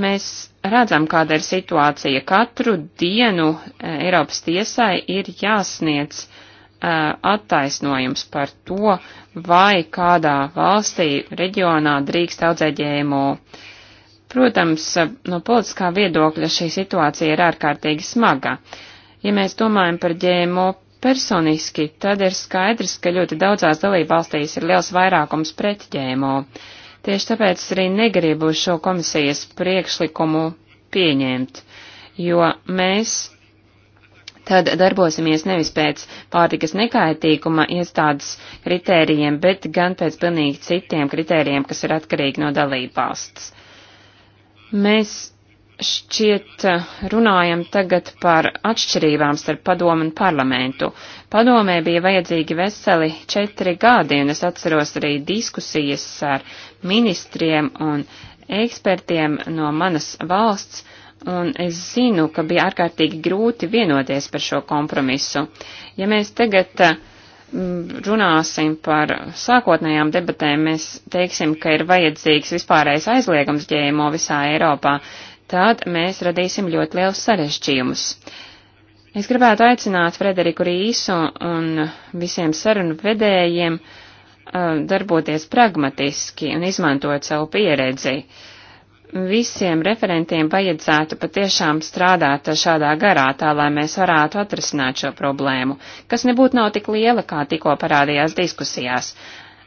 Mēs redzam, kāda ir situācija. Katru dienu eh, Eiropas tiesai ir jāsniedz uh, attaisnojums par to, vai kādā valstī, reģionā drīkst audzēt ģēmo. Protams, eh, no politiskā viedokļa šī situācija ir ārkārtīgi smaga. Ja mēs domājam par ģēmo personiski, tad ir skaidrs, ka ļoti daudzās dalībvalstīs ir liels vairākums pret ģēmo. Uh, Tieši tāpēc arī negribu šo komisijas priekšlikumu pieņemt, jo mēs tad darbosimies nevis pēc pārtikas nekaitīguma iestādes kritērijiem, bet gan pēc pilnīgi citiem kritērijiem, kas ir atkarīgi no dalībvalsts. Mēs šķiet eh, runājam tagad par atšķirībām starp padomu un parlamentu. Padomē bija vajadzīgi veseli četri gadi, un es atceros arī diskusijas ar ministriem un ekspertiem no manas valsts, un es zinu, ka bija ārkārtīgi grūti vienoties par šo kompromisu. Ja mēs tagad eh, runāsim par sākotnējām debatēm, mēs teiksim, ka ir vajadzīgs vispārējais aizliegums ģēmo visā Eiropā, tad mēs radīsim ļoti liels sarežģījumus. Es gribētu aicināt Frederiku Rīsu un visiem sarunu vedējiem uh, darboties pragmatiski un izmantot savu pieredzi. Visiem referentiem vajadzētu patiešām strādāt šādā garā, tā lai mēs varētu atrisināt šo problēmu, kas nebūtu nav tik liela, kā tikko parādījās diskusijās.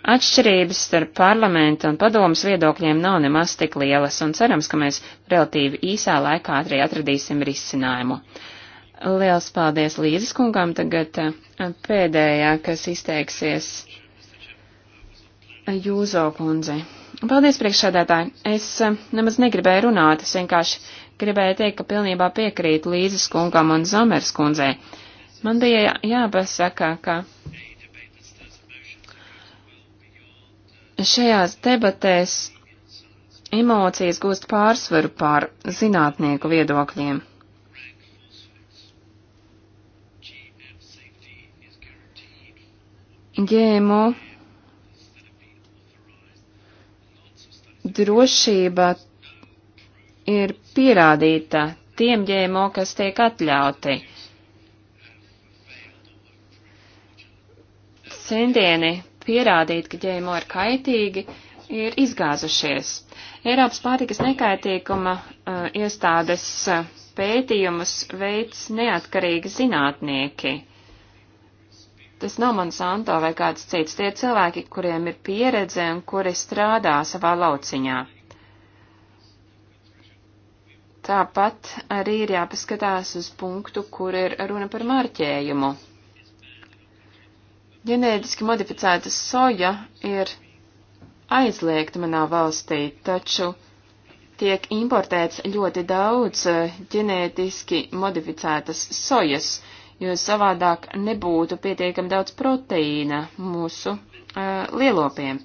Atšķirības starp parlamenta un padomas viedokļiem nav nemaz tik lielas, un cerams, ka mēs relatīvi īsā laikā arī atradīsim risinājumu. Liels paldies Līzes kungam, tagad eh, pēdējā, kas izteiksies Jūzo kundze. Paldies, priekšsēdētāji. Es eh, nemaz negribēju runāt, es vienkārši gribēju teikt, ka pilnībā piekrītu Līzes kungam un Zomers kundzei. Man bija jāpasaka, ka šajās debatēs emocijas gūst pārsvaru pār zinātnieku viedokļiem. ģēmo drošība ir pierādīta tiem ģēmo, kas tiek atļauti. Centieni pierādīt, ka ģēmo ir kaitīgi, ir izgāzušies. Eiropas pārtikas nekaitīguma uh, iestādes uh, pētījumus veids neatkarīgi zinātnieki. Tas nav Monsanto vai kāds cits, tie cilvēki, kuriem ir pieredze un kuri strādā savā lauciņā. Tāpat arī ir jāpaskatās uz punktu, kur ir runa par marķējumu ģenētiski modificēta soja ir aizliegta manā valstī, taču tiek importēts ļoti daudz eh, ģenētiski modificētas sojas, jo savādāk nebūtu pietiekam daudz proteīna mūsu uh, lielopiem.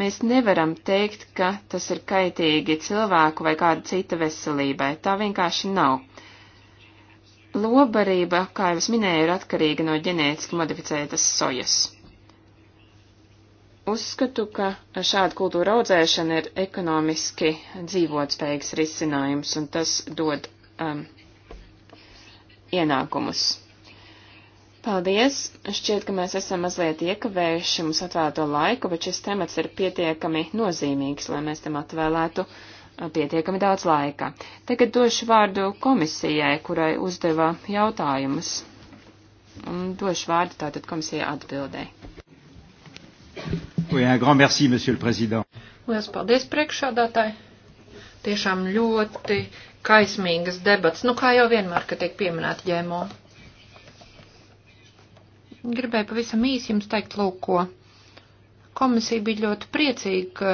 Mēs nevaram teikt, ka tas ir kaitīgi cilvēku vai kāda cita veselībai. Tā vienkārši nav. Lobarība, kā jau es minēju, ir atkarīga no ģenētiski modificētas sojas. Uzskatu, ka šāda kultūra audzēšana ir ekonomiski dzīvotspējīgs risinājums, un tas dod um, ienākumus. Paldies! Šķiet, ka mēs esam mazliet iekavējuši mums atvēlēto laiku, bet šis temats ir pietiekami nozīmīgs, lai mēs tam atvēlētu pietiekami daudz laika. Tagad došu vārdu komisijai, kurai uzdeva jautājumus. Un došu vārdu tātad komisijai atbildē. Oui, un grand merci, monsieur le président. Lielas paldies priekšādātāji. Tiešām ļoti kaismīgas debats, nu kā jau vienmēr, kad tiek pieminēta ģēmo. Gribēju pavisam īsi jums teikt, lūk, ko. Komisija bija ļoti priecīga, ka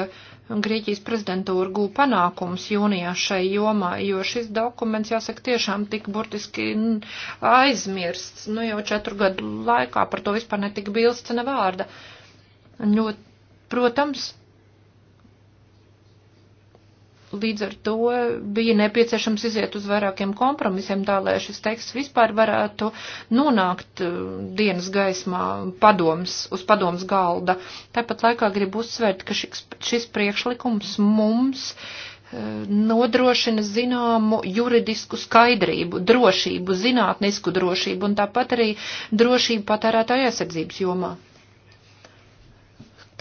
Grieķijas prezidentūra gū panākums jūnijā šai jomā, jo šis dokuments, jāsaka, tiešām tik burtiski aizmirsts. Nu, jau četru gadu laikā par to vispār netika bilsts ne vārda. Ļoti, protams, Līdz ar to bija nepieciešams iziet uz vairākiem kompromisiem, tā lai šis teksts vispār varētu nonākt uh, dienas gaismā padoms, uz padoms galda. Tāpat laikā gribu uzsvērt, ka šis, šis priekšlikums mums uh, nodrošina zināmu juridisku skaidrību, drošību, zinātnisku drošību un tāpat arī drošību patērētāju aizsardzības jomā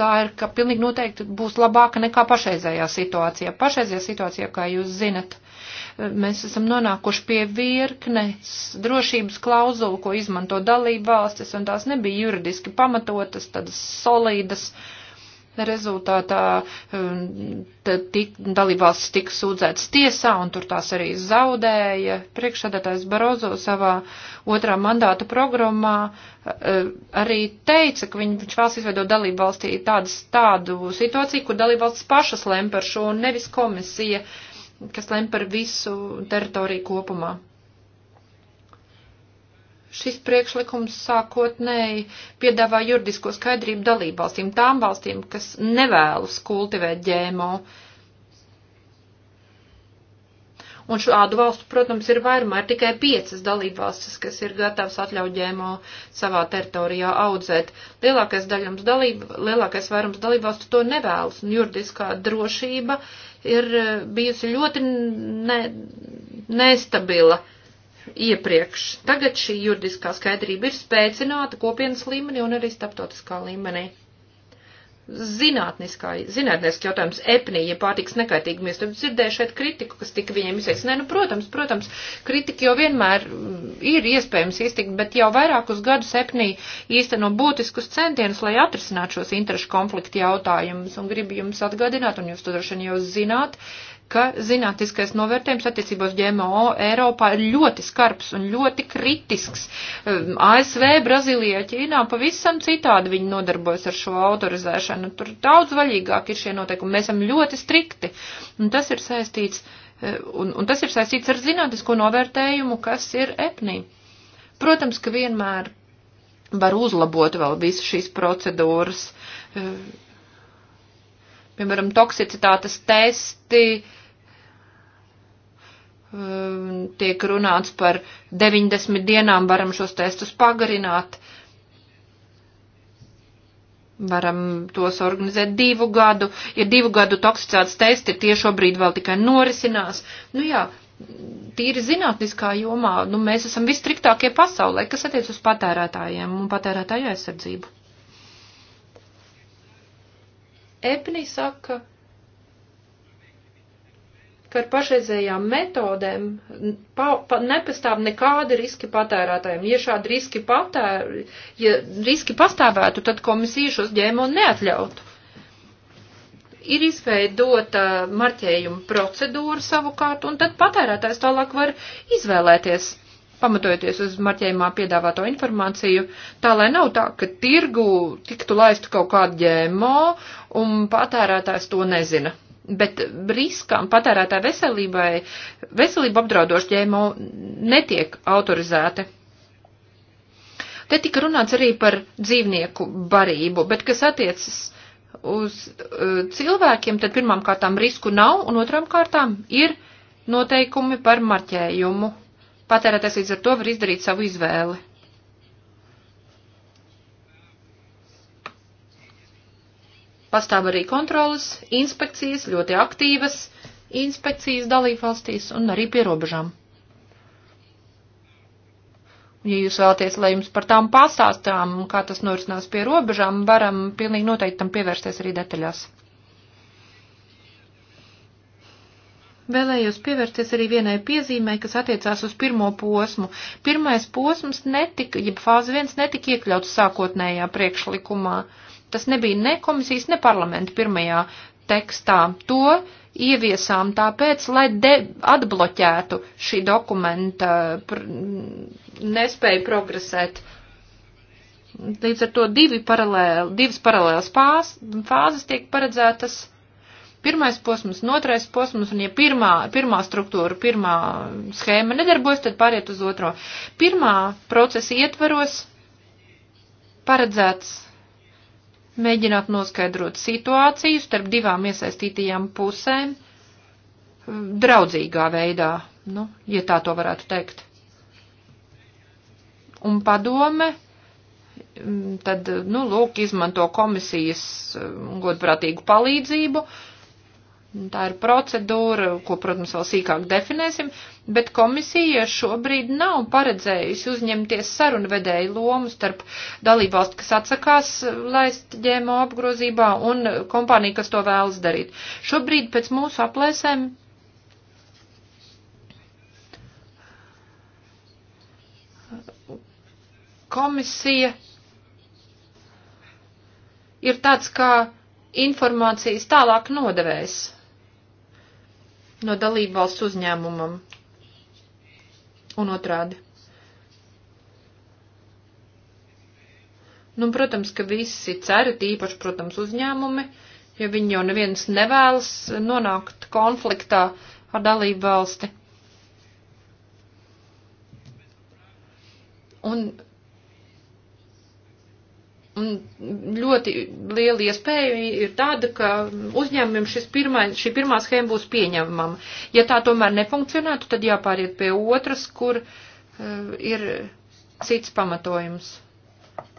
tā ir, ka pilnīgi noteikti būs labāka nekā pašreizējā situācijā. Pašreizējā situācijā, kā jūs zinat, mēs esam nonākuši pie virknes drošības klauzulu, ko izmanto dalība valstis, un tās nebija juridiski pamatotas, tādas solīdas. Uh, rezultātā um, tik, dalībvalstis tika sūdzētas tiesā, un tur tās arī zaudēja. Priekšsēdētājs Barozo savā otrā mandāta programmā uh, arī teica, ka viņš vēlas izveidot dalībvalstī tādas, tādu situāciju, kur dalībvalstis pašas lem par šo, un nevis komisija, kas lem par visu teritoriju kopumā. Šis priekšlikums sākotnēji piedāvā juridisko skaidrību dalībvalstīm, tām valstīm, kas nevēlas kultivēt ģēmo. Un šādu valstu, protams, ir vairumā, ir tikai piecas dalībvalstis, kas ir gatavs atļaut ģēmo savā teritorijā audzēt. Lielākais, dalība, lielākais vairums dalībvalstu to nevēlas, un juridiskā drošība ir bijusi ļoti ne, nestabila. Uh, iepriekš. Tagad šī juridiskā skaidrība ir spēcināta kopienas līmenī un arī starptautiskā līmenī. Zinātniskā, zinātniski jautājums EPNI, ja pārtiks nekaitīgumies, tad dzirdēju šeit kritiku, kas tika viņiem izteiks. Nē, nu, protams, protams, kritika jau vienmēr mm, ir iespējams iztikt, bet jau vairākus gadus EPNI īsteno būtiskus centienus, lai atrisinātu šos interešu konfliktu jautājumus. Un gribu jums atgādināt, un jūs to droši vien jau zināt, uh, ka zinātniskais novērtējums attiecībos GMO Eiropā ir ļoti skarbs un ļoti kritisks. Ehm, ASV, Brazīlijā, Ķīnā pavisam citādi viņi nodarbojas ar šo autorizēšanu. Tur daudz vaļīgāk ir šie noteikumi. Mēs esam ļoti strikti. Un tas ir saistīts, eh, un, un tas ir saistīts ar zinātnisko novērtējumu, kas ir EPNI. Protams, ka vienmēr var uzlabot vēl visu šīs procedūras. Uh, piemēram, toksicitātes testi, um, tiek runāts par 90 dienām, varam šos testus pagarināt, varam tos organizēt divu gadu, ja divu gadu toksicāts testi tie šobrīd vēl tikai norisinās. Nu jā, tīri zinātniskā jomā, nu mēs esam visstriktākie pasaulē, kas attiec uz patērētājiem un patērētāju aizsardzību. EPNI saka, ka ar pašreizējām metodēm pa, pa, nepastāv nekādi riski patērētājiem. Ja šādi riski, patēr, ja riski pastāvētu, tad komisija šos ģēmo neatļautu. Ir izveidota marķējuma procedūra savukārt, un tad patērētājs tālāk var izvēlēties pamatojoties uz marķējumā piedāvāto informāciju, tā lai nav tā, ka tirgu tiktu laistu kaut kādu ģēmo un patērētājs to nezina. Bet riskām patērētāja veselībai, veselību apdraudoši ģēmo netiek autorizēti. Te tika runāts arī par dzīvnieku barību, bet kas attiecas uz uh, cilvēkiem, tad pirmām kārtām risku nav, un otrām kārtām ir noteikumi par marķējumu Patērētājs līdz ar to var izdarīt savu izvēli. Pastāv arī kontrolas, inspekcijas, ļoti aktīvas inspekcijas dalībvalstīs un arī pie robežām. Ja jūs vēlaties, lai jums par tām pastāstām, kā tas norisinās pie robežām, varam pilnīgi noteikti tam pievērsties arī detaļās. vēlējos pievērties arī vienai piezīmē, kas attiecās uz pirmo posmu. Pirmais posms netika, jeb fāze viens netika iekļauts sākotnējā priekšlikumā. Tas nebija ne komisijas, ne parlamenta pirmajā tekstā. To ieviesām tāpēc, lai de, atbloķētu šī dokumenta pr, nespēju progresēt. Līdz ar to divi paralēli, divas paralēlas fāzes tiek paredzētas pirmais posms un otrais posms, un ja pirmā, pirmā struktūra, pirmā schēma nedarbojas, tad pāriet uz otro. Pirmā procesa ietveros paredzēts mēģināt noskaidrot situāciju starp divām iesaistītajām pusēm mm, draudzīgā veidā, nu, ja tā to varētu teikt. Un padome mm, tad, nu, lūk, izmanto komisijas mm, godprātīgu palīdzību, uh, Tā ir procedūra, ko, protams, vēl sīkāk definēsim, bet komisija šobrīd nav paredzējusi uzņemties sarunvedēju lomu starp dalībvalstu, kas atsakās laist ģēmo apgrozībā un kompāniju, kas to vēlas darīt. Šobrīd pēc mūsu aplēsēm komisija ir tāds kā informācijas tālāk nodevējs no dalībvalsts uzņēmumam un otrādi. Nu, protams, ka visi cer, tīpaši, protams, uzņēmumi, jo viņi jau neviens nevēlas nonākt konfliktā ar dalību valsti. Un Un ļoti liela iespēja ir tāda, ka uzņēmumiem pirmā, šī pirmā schēma būs pieņemama. Ja tā tomēr nefunkcionētu, tad jāpāriet pie otras, kur uh, ir cits pamatojums,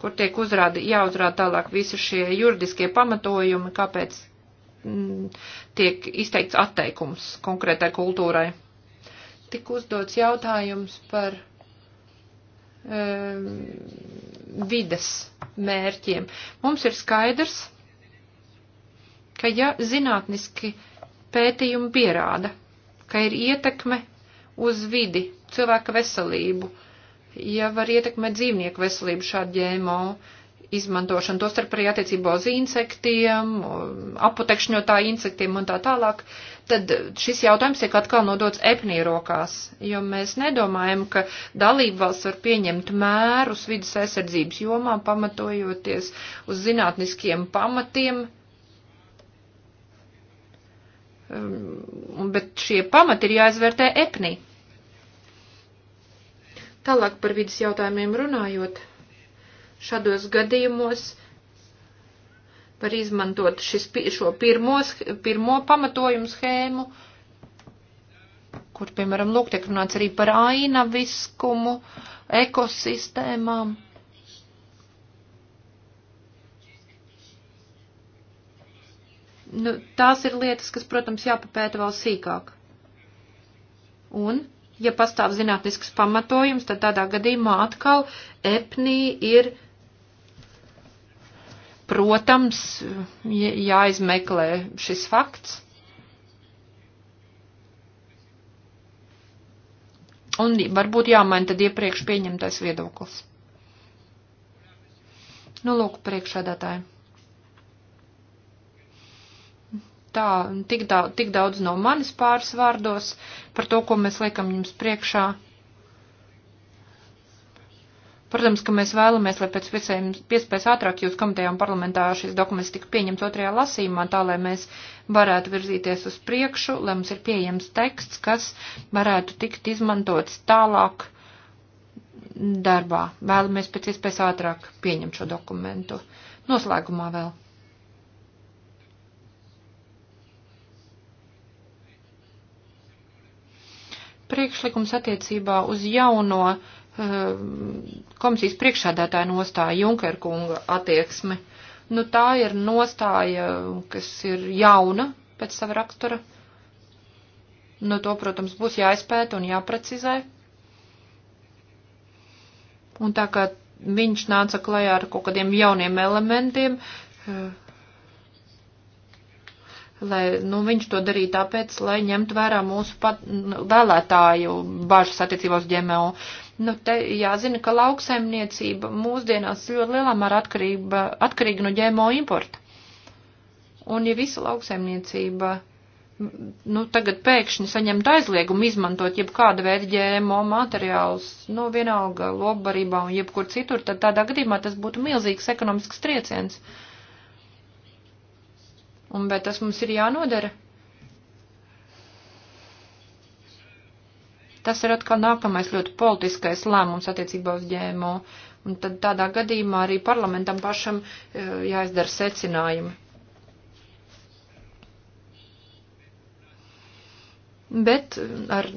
kur tiek uzrādi, jāuzrāda tālāk visi šie juridiskie pamatojumi, kāpēc mm, tiek izteikts atteikums konkrētai kultūrai. Tik uzdots jautājums par um, vides mērķiem. Mums ir skaidrs, ka ja zinātniski pētījumi pierāda, ka ir ietekme uz vidi, cilvēka veselību, ja var ietekmēt dzīvnieku veselību šādi ģēmo, izmantošanu, tostarp arī attiecībā uz insektiem, apotekšņotāju insektiem un tā tālāk, tad šis jautājums tiek atkal nodots epnī rokās, jo mēs nedomājam, ka dalībvalsts var pieņemt mērus vidas aizsardzības jomā, pamatojoties uz zinātniskiem pamatiem, um, bet šie pamati ir jāizvērtē epnī. Tālāk par vidas jautājumiem runājot. Šādos gadījumos var izmantot šis, šo pirmo, pirmo pamatojumu schēmu, kur, piemēram, lūk, tiek runāts arī par ainaviskumu, ekosistēmām. nu, tās ir lietas, kas, protams, jāpapēta vēl sīkāk. Un, ja pastāv zinātnisks pamatojums, tad tādā gadījumā atkal EPNI ir protams, jāizmeklē šis fakts. Un varbūt jāmaina tad iepriekš pieņemtais viedoklis. Nu, lūk, priekšādātāji. Tā, tik daudz, tik daudz no manis pāris vārdos par to, ko mēs liekam jums priekšā. Protams, ka mēs vēlamies, lai pēc iespējas ātrāk jūs komitejām parlamentā šis dokuments tika pieņemts otrajā lasīmā, tā lai mēs varētu virzīties uz priekšu, lai mums ir pieejams teksts, kas varētu tikt izmantots tālāk darbā. Vēlamies pēc iespējas ātrāk pieņemt šo dokumentu. Noslēgumā vēl. Priekšlikums attiecībā uz jauno Ehm, komisijas priekšādātāja nostāja Junkerkunga attieksme. Nu, tā ir nostāja, kas ir jauna pēc sava rakstura. Nu, to, protams, būs jāizpēta un jāprecizē. Un tā kā viņš nāca klajā ar kaut kādiem jauniem elementiem, eh, lai, nu, viņš to darīja tāpēc, lai ņemtu vērā mūsu pat, vēlētāju bažas attiecībā uz ģemeo. Nu, te jāzina, ka lauksaimniecība mūsdienās ļoti lielā mērā atkarība, atkarīga no ģēmo importa. Un ja visa lauksaimniecība, nu, tagad pēkšņi saņemt aizliegumu izmantot jebkāda veida ģēmo materiālus, nu, vienalga lobbarībā un jebkur citur, tad tādā gadījumā tas būtu milzīgs ekonomisks trieciens. Un, bet tas mums ir jānodara Tas ir atkal nākamais ļoti politiskais lēmums attiecībā uz ģēmo. Un tad tādā gadījumā arī parlamentam pašam e, jāizdara secinājumi. Bet e, ar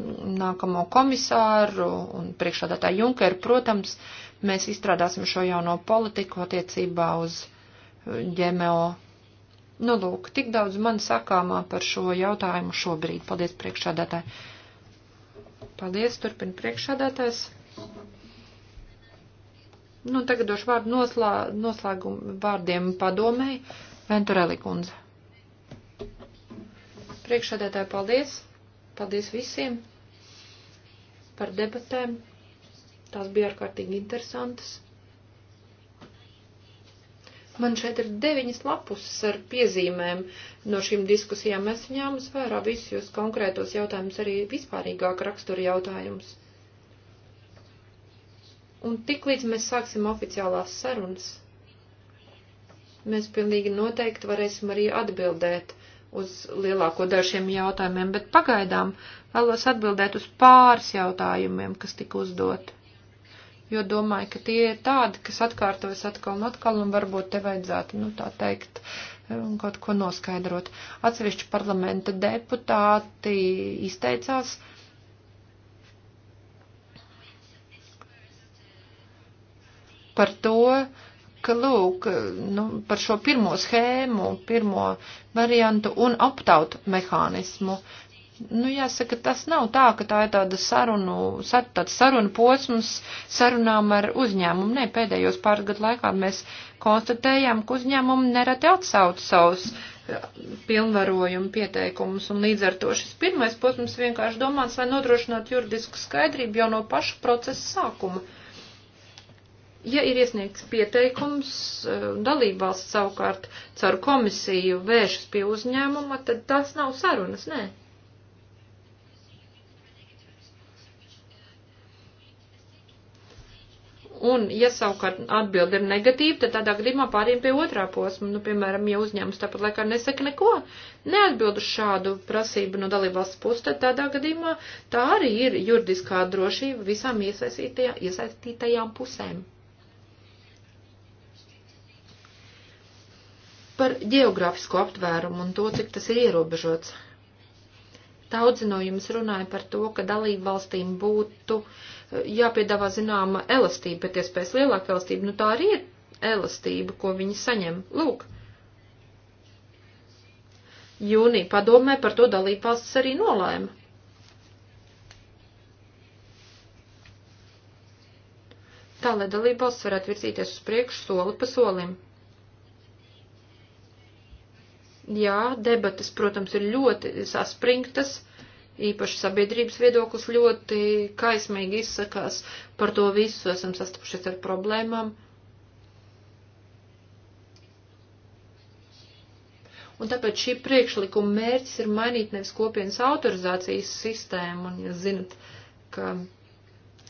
nākamo komisāru un priekšādātāju Junkeru, protams, mēs izstrādāsim šo jauno politiku attiecībā uz e, ģemeo. Nu, lūk, tik daudz man sakāmā par šo jautājumu šobrīd. Paldies priekšādātāji. Paldies, turpina priekšādātājs. Nu, tagad došu vārdu noslā, noslēgumu vārdiem padomēji. Ventureli kundze. Priekšādātāji, paldies. Paldies visiem par debatēm. Tās bija ārkārtīgi interesantas. Man šeit ir deviņas lapuses ar piezīmēm no šīm diskusijām. Mēs viņām svērā visus jūs konkrētos jautājumus, arī vispārīgāk raksturu jautājumus. Un tik līdz mēs sāksim oficiālās sarunas, mēs pilnīgi noteikti varēsim arī atbildēt uz lielāko dažiem jautājumiem, bet pagaidām vēlos atbildēt uz pāris jautājumiem, kas tika uzdoti jo domāju, ka tie ir tādi, kas atkārtojas atkal un atkal, un varbūt te vajadzētu, nu, tā teikt, kaut ko noskaidrot. Atsevišķi parlamenta deputāti izteicās. Par to, ka, lūk, nu, par šo pirmo schēmu, pirmo variantu un aptautu mehānismu. Nu, jāsaka, tas nav tā, ka tā ir tāda sarunu, sar, tāds sarunu posms sarunām ar uzņēmumu. Nē, pēdējos pāris gadu laikā mēs konstatējām, ka uzņēmumi nereti atsauc savus eh, pilnvarojumu pieteikumus, un līdz ar to šis pirmais posms vienkārši domāts, lai nodrošinātu juridisku skaidrību jau no paša procesa sākuma. Ja ir iesniegts pieteikums, eh, dalībvalsts savukārt caur komisiju vēršas pie uzņēmuma, tad tas nav sarunas, nē. Ne? Un, ja savukārt atbildi ir negatīva, tad tādā gadījumā pāriem pie otrā posma. Nu, piemēram, ja uzņēmums tāpat laikā nesaka neko, neatbild uz šādu prasību no dalībvalsts puses, tad tādā gadījumā tā arī ir juridiskā drošība visām iesaistītajā, iesaistītajām pusēm. Par geogrāfisko aptvērumu un to, cik tas ir ierobežots. Daudzi no jums runāja par to, ka dalībvalstīm būtu uh, jāpiedāvā zināma elastība, pēc iespējas lielāka elastība. Nu tā arī ir elastība, ko viņi saņem. Lūk. Jūnija padomē par to dalībvalstis arī nolēma. Tā, lai dalībvalsts varētu virzīties uz priekšu soli pa solim. Jā, debatas, protams, ir ļoti saspringtas īpaši sabiedrības viedoklis ļoti kaismīgi izsakās par to visu, esam sastapušies ar problēmām. Un tāpēc šī priekšlikuma mērķis ir mainīt nevis kopienas autorizācijas sistēmu, un jūs zinat, ka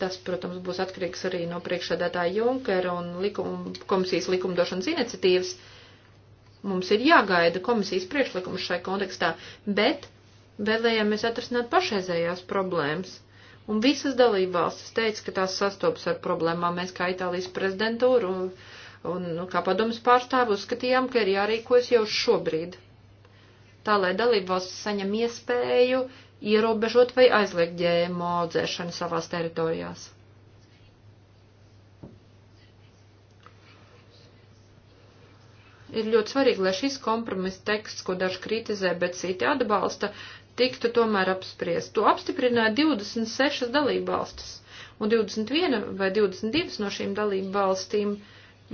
tas, protams, būs atkarīgs arī no priekšsēdētāja Junkera un likuma, komisijas likumdošanas iniciatīvas. Mums ir jāgaida komisijas priekšlikums šai kontekstā, bet vēlējāmies atrisināt pašreizējās problēmas. Un visas dalībvalstis teica, ka tās sastopas ar problēmām. Mēs kā Itālijas prezidentūra un, un nu, kā padomas pārstāvi uzskatījām, ka ir jārīkojas jau šobrīd. Tā, lai dalībvalstis saņem iespēju ierobežot vai aizliegt ģēmo audzēšanu savās teritorijās. ir ļoti svarīgi, lai šis kompromiss teksts, ko daži kritizē, bet citi atbalsta, tiktu tomēr apspriest. To apstiprināja 26 dalībvalstis, un 21 vai 22 no šīm dalībvalstīm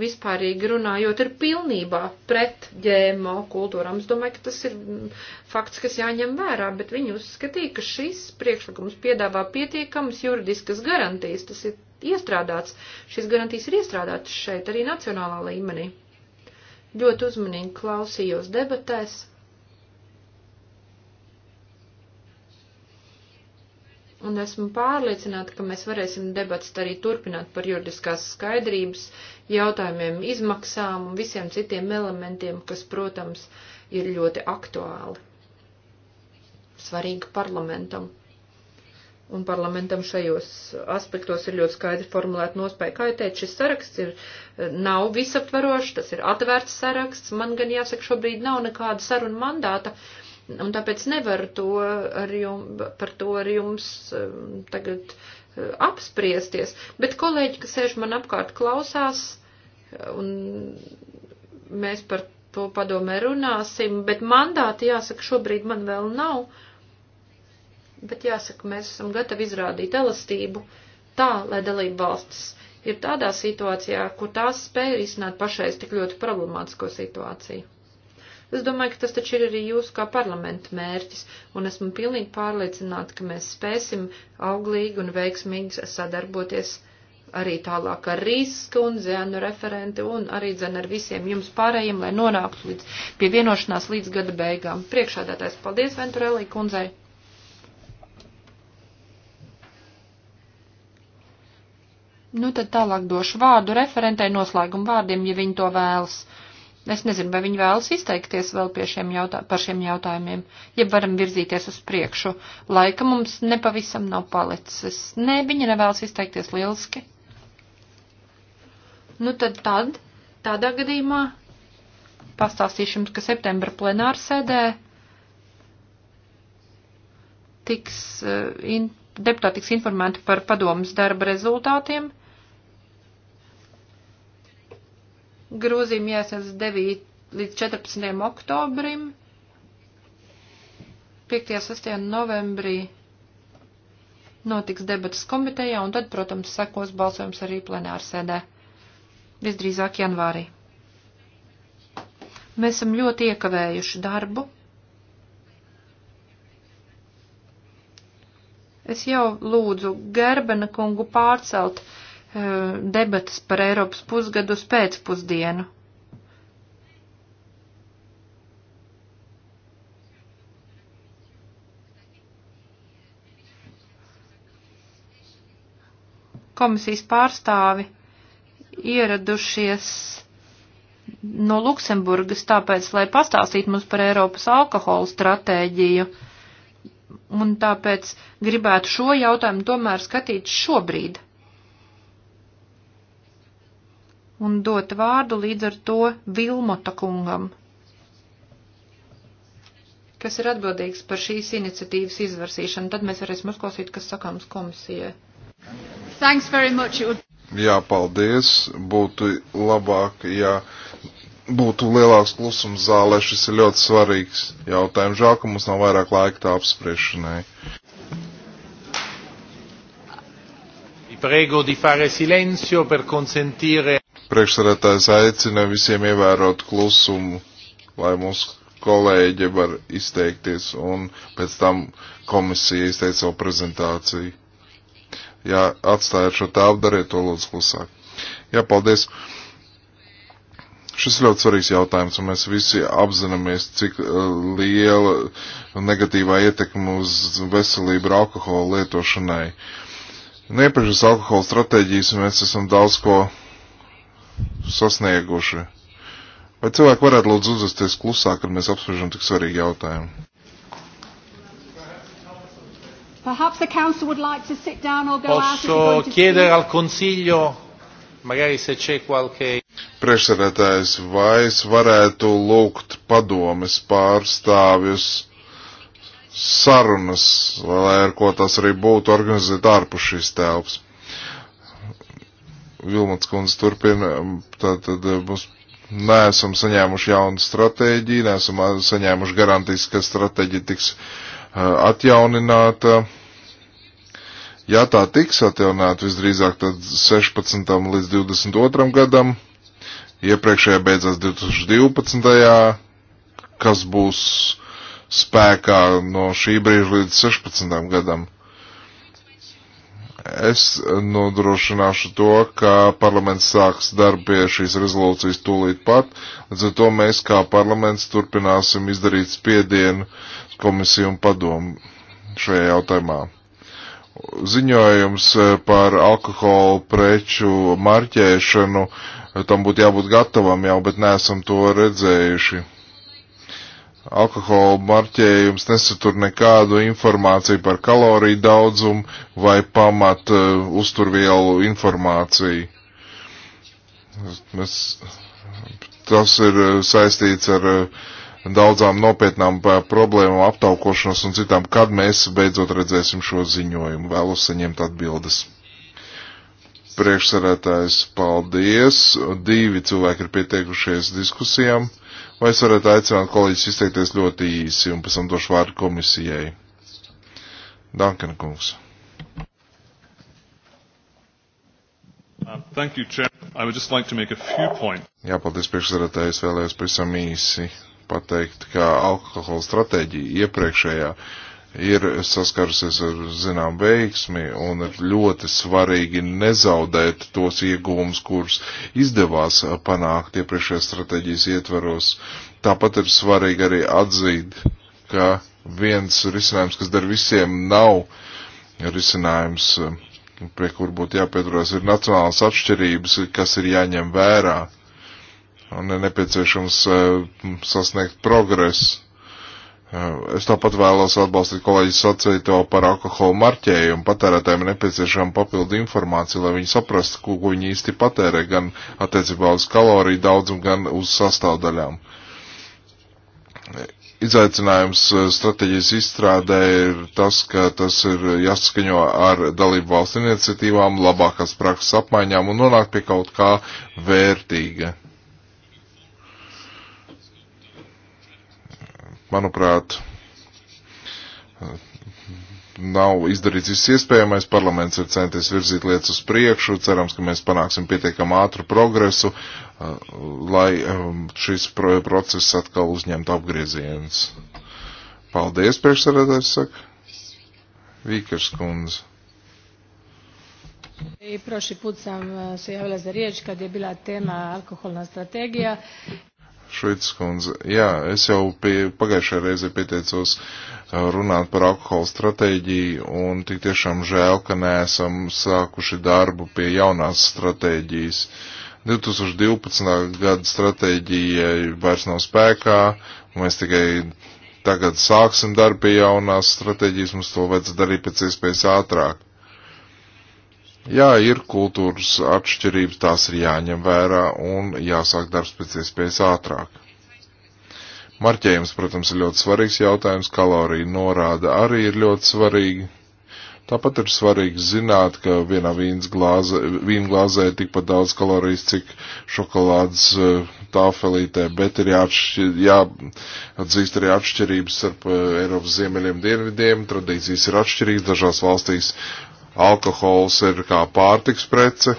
vispārīgi runājot ir pilnībā pret ģēmo kultūram. Es domāju, ka tas ir mm, fakts, kas jāņem vērā, bet viņi uzskatīja, ka šis priekšlikums piedāvā pietiekamas juridiskas garantijas. Tas ir iestrādāts, šis garantijas ir iestrādāts šeit arī nacionālā līmenī. Ļoti uzmanīgi klausījos debatēs un esmu pārliecināta, ka mēs varēsim debats arī turpināt par juridiskās skaidrības jautājumiem, izmaksām un visiem citiem elementiem, kas, protams, ir ļoti aktuāli. Svarīgi parlamentam. Un parlamentam šajos aspektos ir ļoti skaidri formulēta nospēja. Kā jau teicu, šis saraksts ir, nav visaptvarošs, tas ir atvērts saraksts. Man gan jāsaka, šobrīd nav nekāda saruna mandāta. Uh, Un tāpēc nevaru to ar jums, par to ar jums um, tagad uh, apspriesties. Bet kolēģi, kas sēž man apkārt, klausās, uh, un mēs par to padomē runāsim, bet mandāti, jāsaka, šobrīd man vēl nav. Bet jāsaka, mēs esam gatavi izrādīt elastību tā, lai dalība valstis ir tādā situācijā, kur tās spēja risināt pašais tik ļoti problemātisko situāciju. Es domāju, ka tas taču ir arī jūsu kā parlamenta mērķis, un esmu pilnīgi pārliecināta, ka mēs spēsim auglīgi un veiksmīgi sadarboties arī tālāk ar risku un zēnu referenti un arī dzen ar visiem jums pārējiem, lai nonāktu līdz pie vienošanās līdz gada beigām. Priekšādātais paldies Venturelī kundzei! Nu, tad tālāk došu vārdu referentai noslēguma vārdiem, ja viņi to vēlas. Es nezinu, vai viņi vēlas izteikties vēl šiem jautā, par šiem jautājumiem, ja varam virzīties uz priekšu. Laika mums nepavisam nav palicis. Nē, viņa nevēlas izteikties lieliski. Nu tad tad, tādā gadījumā pastāstīšu jums, ka septembra plenāra sēdē tiks, eh, in, deputāti tiks informēti par padomas darba rezultātiem. Grozījumi jāsniedz 9 līdz 14. oktobrim. 5. 6. novembrī notiks debatas komitejā, un tad, protams, sekos balsojums arī plenārsēdē. Visdrīzāk janvārī. Mēs esam ļoti iekavējuši darbu. Es jau lūdzu Gerbena kungu pārcelt Eh, debatas par Eiropas pusgadu uz pēcpusdienu. Komisijas pārstāvi ieradušies no Luksemburgas, tāpēc, lai pastāstītu mums par Eiropas alkohola stratēģiju. Un tāpēc gribētu šo jautājumu tomēr skatīt šobrīd. un dot vārdu līdz ar to Vilmota kungam, kas ir atbildīgs par šīs iniciatīvas izvarsīšanu. Tad mēs varēsim uzklausīt, kas sakāms komisijai. Thanks very much. Would... Jā, paldies. Būtu labāk, ja būtu lielāks klusums zālē. Šis ir ļoti svarīgs jautājums. Žēl, ka mums nav vairāk laika tā apspriešanai. Vi prego di fare silenzio per consentire Priekšsarētājs aicina visiem ievērot klusumu, lai mūsu kolēģi var izteikties, un pēc tam komisija izteica savu prezentāciju. Ja atstājat šo tēlu, dariet to lūdzu klusāk. Jā, paldies. Šis ir ļoti svarīgs jautājums, un mēs visi apzināmies, cik uh, liela negatīvā ietekme uz veselību ir alkohola lietošanai. Neiepriekšējās alkohola stratēģijas mēs esam daudz ko sasnieguši. Vai cilvēki varētu lūdzu uzvesties klusāk, kad mēs apspriežam tik svarīgu jautājumu? Posso chiedere al Consiglio, magari se c'è qualche. Priekšsēdētājs, vai es varētu lūgt padomes pārstāvjus sarunas, lai ar ko tas arī būtu, organizēt ārpus šīs telpas? Vilmats kundze turpina, tātad um, uh, mums neesam saņēmuši jaunu stratēģiju, neesam uh, saņēmuši garantijas, ka stratēģija tiks uh, atjaunināta. Ja tā tiks atjaunināta visdrīzāk tad 16. līdz 22. gadam, iepriekšējā beidzās 2012. kas būs spēkā no šī brīža līdz 16. gadam. Es nodrošināšu to, ka parlaments sāks darbu pie šīs rezolūcijas tūlīt pat, līdz ar to mēs kā parlaments turpināsim izdarīt spiedienu komisiju un padomu šajā jautājumā. Ziņojums eh, par alkoholu preču marķēšanu, tam būtu jābūt gatavam jau, bet neesam to redzējuši alkohola marķējums nesatur nekādu informāciju par kaloriju daudzumu vai pamat uh, uzturvielu informāciju. Mēs, tas ir eh, saistīts ar uh, daudzām nopietnām problēmām, aptaukošanos un citām, kad mēs beidzot redzēsim šo ziņojumu. Vēlos saņemt atbildes. Priekšsarētājs, paldies. Divi cilvēki ir pieteikušies diskusijām. Vai es varētu aicināt kolēģis izteikties ļoti īsi un pēc tam došu vārdu komisijai? Dankan kungs. Uh, thank you, Chair. I would just like to make a few points. Jā, paldies priekšsarētājs vēlējos pavisam īsi pateikt, ka alkohola stratēģija iepriekšējā uh, ir saskarusies ar zinām veiksmi un ir ļoti svarīgi nezaudēt tos iegūmus, kurus izdevās panākt iepriekšējās stratēģijas ietvaros. Tāpat ir svarīgi arī atzīt, ka viens risinājums, kas dar visiem nav risinājums, pie kur būtu jāpieturās, ir nacionālas atšķirības, kas ir jāņem vērā un ir nepieciešams eh, sasniegt progresu Es tāpat vēlos atbalstīt kolēģi sacīto par alkoholu marķējumu. Patērētājiem ir nepieciešama papildu informācija, lai viņi saprastu, ko, ko viņi īsti patērē, gan attiecībā uz kaloriju daudzumu, gan uz sastāvdaļām. Izaicinājums eh, strateģijas izstrādē ir tas, ka tas ir jāsaskaņo ar dalību valstu iniciatīvām, labākās prakses apmaiņām un nonāk pie kaut kā vērtīga. Manuprāt, nav izdarīts viss iespējamais. Parlaments ir centies virzīt lietas uz priekšu. Cerams, ka mēs panāksim pietiekam ātru progresu, eh, lai um, šis process atkal uzņemtu apgriezienus. Paldies, priekšsarētājs saka. Vīkers kundze. I prošli put sam eh, se javila za riječ kad je bila tema alkoholna strategija. Šuits kundze, jā, es jau pie, pagājušajā reizē pieteicos uh, runāt par alkohola stratēģiju un tik tiešām žēl, ka neesam sākuši darbu pie jaunās stratēģijas. 2012. gada stratēģija vairs nav spēkā, mēs tikai tagad sāksim darbu pie jaunās stratēģijas, mums to vajadzētu darīt pēc iespējas ātrāk. Jā, ir kultūras atšķirības, tās ir jāņem vērā un jāsāk darbs pēc iespējas ātrāk. Marķējums, protams, ir ļoti svarīgs jautājums, kalorija norāda arī ir ļoti svarīgi. Tāpat ir svarīgi zināt, ka vienā glāze, vīna glāzē ir tikpat daudz kalorijas, cik šokolādes eh, tāfelītē, bet ir jāatzīst jā, arī atšķirības starp eh, Eiropas ziemeļiem un dienvidiem. Tradīcijas ir atšķirīgas, dažās valstīs alkohols ir kā pārtiks prece,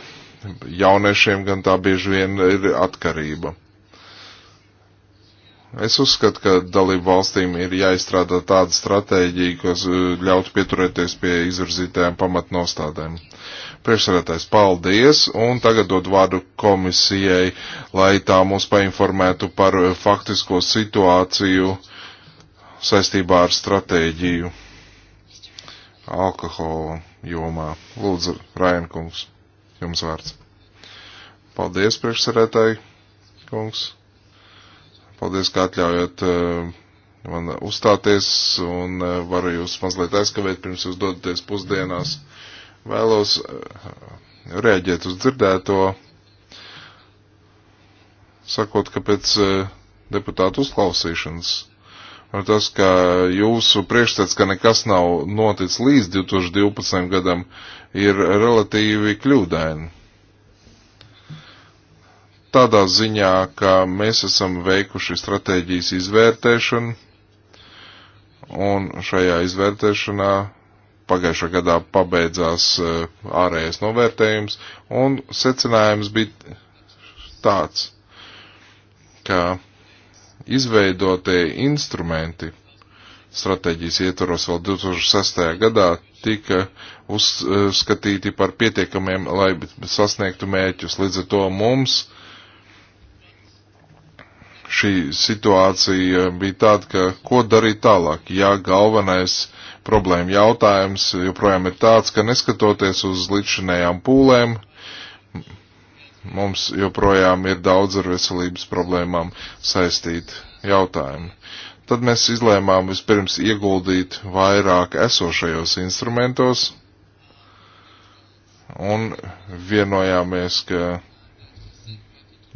jauniešiem gan tā bieži vien ir atkarība. Es uzskatu, ka dalību valstīm ir jāizstrādā tāda stratēģija, kas e, ļautu pieturēties pie izvirzītajām pamatnostādēm. Priekšsarētājs, paldies, un tagad dod vārdu komisijai, lai tā mūs painformētu par e, faktisko situāciju saistībā ar stratēģiju alkohola jomā. Lūdzu, Rajankungs, jums vārds. Paldies, priekšsarētāji, kungs. Paldies, ka atļaujat eh, man uzstāties un eh, varu jūs mazliet aizkavēt pirms jūs dodaties pusdienās. Vēlos eh, reaģēt uz dzirdēto, sakot, ka pēc deputātu uzklausīšanas tas, ka jūsu priekšstats, ka nekas nav noticis līdz 2012. gadam, ir relatīvi kļūdaini. Tādā ziņā, ka mēs esam veikuši stratēģijas izvērtēšanu, un šajā izvērtēšanā pagājušā gadā pabeidzās eh, ārējais novērtējums, un secinājums bija tāds, ka izveidotie instrumenti stratēģijas ietvaros vēl 2006. gadā tika uzskatīti par pietiekamiem, lai sasniegtu mērķus. Līdz ar to mums šī situācija bija tāda, ka ko darīt tālāk, ja galvenais problēma jautājums joprojām ir tāds, ka neskatoties uz līdzinējām pūlēm, Mums joprojām ir daudz ar veselības problēmām saistīti jautājumi. Tad mēs izlēmām vispirms ieguldīt vairāk esošajos instrumentos un vienojāmies, ka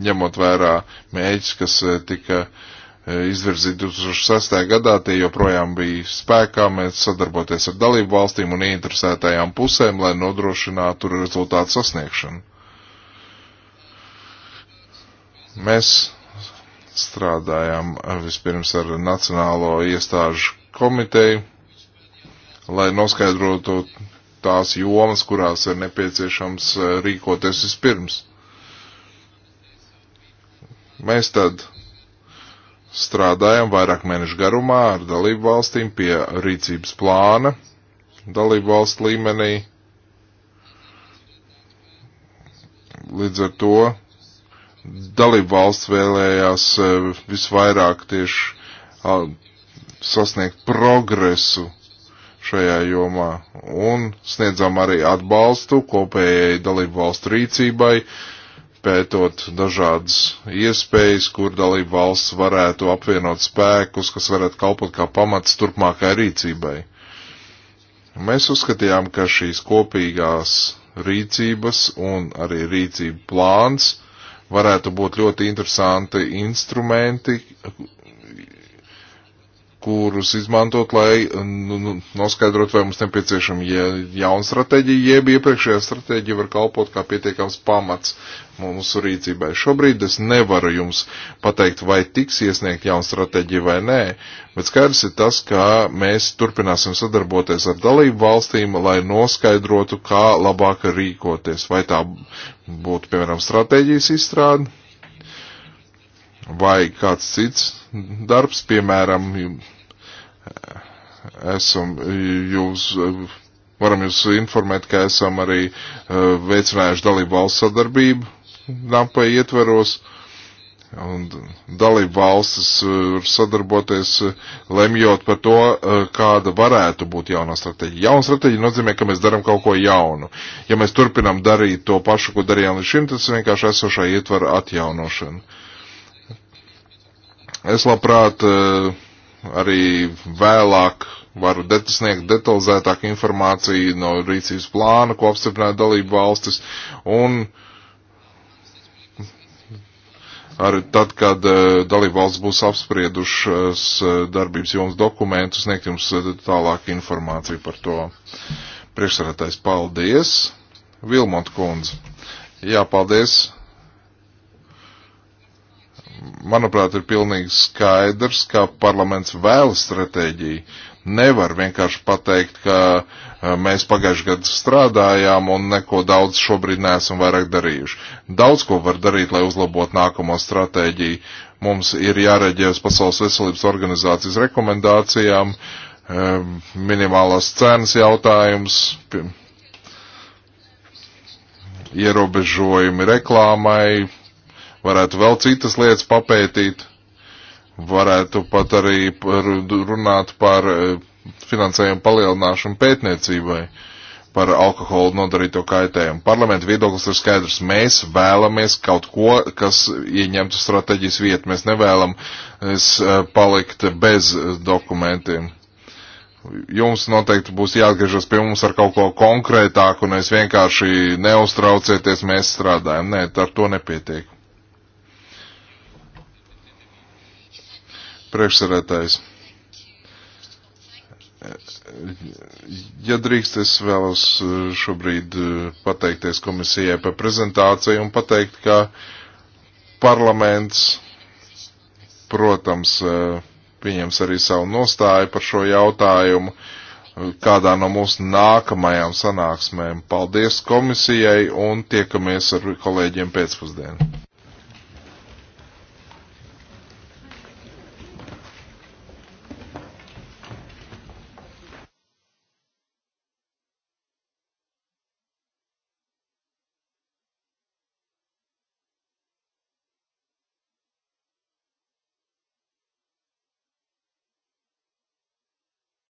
ņemot vērā mēģis, kas eh, tika eh, izvirzīt 2006. gadā, tie joprojām bija spēkā, mēs sadarboties ar dalību valstīm un ieinteresētajām pusēm, lai nodrošinātu rezultātu sasniegšanu. Mēs strādājam uh, vispirms ar Nacionālo iestāžu komiteju, lai noskaidrotu tās jomas, kurās ir nepieciešams uh, rīkoties vispirms. Mēs tad strādājam vairāk mēnešu garumā ar dalību valstīm pie rīcības plāna dalību valstu līmenī. Līdz ar to dalību valsts vēlējās e, visvairāk tieši sasniegt progresu šajā jomā un sniedzām arī atbalstu kopējai dalību valstu rīcībai, pētot dažādas iespējas, kur dalību valsts varētu apvienot spēkus, kas varētu kalpot kā pamats turpmākai rīcībai. Mēs uzskatījām, ka šīs kopīgās rīcības un arī rīcība plāns varētu būt ļoti interesanti instrumenti, kurus izmantot, lai nu, nu, noskaidrot, vai mums nepieciešama ja, jauna stratēģija, jeb iepriekšējā stratēģija var kalpot kā pietiekams pamats mūsu rīcībai. Šobrīd es nevaru jums pateikt, vai tiks iesniegt jauna stratēģija vai nē, bet skaidrs ir tas, ka mēs turpināsim sadarboties ar dalību valstīm, lai noskaidrotu, kā labāk rīkoties. Vai tā būtu, piemēram, stratēģijas izstrāde, vai kāds cits darbs, piemēram, esam jūs, varam jūs informēt, ka esam arī e, veicinājuši dalību valsts sadarbību NAPA ietveros. Un dalību valstis e, var sadarboties, e, lemjot par to, kāda varētu būt jaunā stratēģija. Jauna stratēģija nozīmē, ka mēs darām kaut ko jaunu. Ja mēs turpinām darīt to pašu, ko darījām līdz šim, tas vienkārši esošā ietvara atjaunošana. Es labprāt eh, arī vēlāk varu det sniegt detalizētāku informāciju no rīcības plāna, ko apstiprināja dalību valstis, un arī tad, kad eh, dalību valsts būs apspriedušas eh, darbības jomas dokumentus, sniegt jums tālāk informāciju par to. Priekšsarētais, paldies! Vilmont kundze. Jā, paldies! manuprāt, ir pilnīgi skaidrs, ka parlaments vēlas stratēģiju. Nevar vienkārši pateikt, ka e, mēs pagājušajā gadā strādājām un neko daudz šobrīd neesam vairāk darījuši. Daudz ko var darīt, lai uzlabotu nākamo stratēģiju. Mums ir jāreģē uz Pasaules veselības organizācijas rekomendācijām, e, minimālās cenas jautājums, ierobežojumi reklāmai, varētu vēl citas lietas papētīt, varētu pat arī par, runāt par e, finansējumu palielināšanu pētniecībai par alkoholu nodarīto kaitējumu. Parlamenta viedoklis ir skaidrs. Mēs vēlamies kaut ko, kas ieņemtu strateģijas vietu. Mēs nevēlamies e, palikt bez dokumentiem jums noteikti būs jāatgriežas pie mums ar kaut ko konkrētāku, un es vienkārši neuztraucieties, mēs strādājam. Nē, ar to nepietiek. Priekšsarētājs. Ja drīkst, es vēlos eh, šobrīd eh, pateikties komisijai par prezentāciju un pateikt, ka parlaments, protams, eh, pieņems arī savu nostāju par šo jautājumu kādā no mūsu nākamajām sanāksmēm. Paldies komisijai un tiekamies ar kolēģiem pēcpusdienu.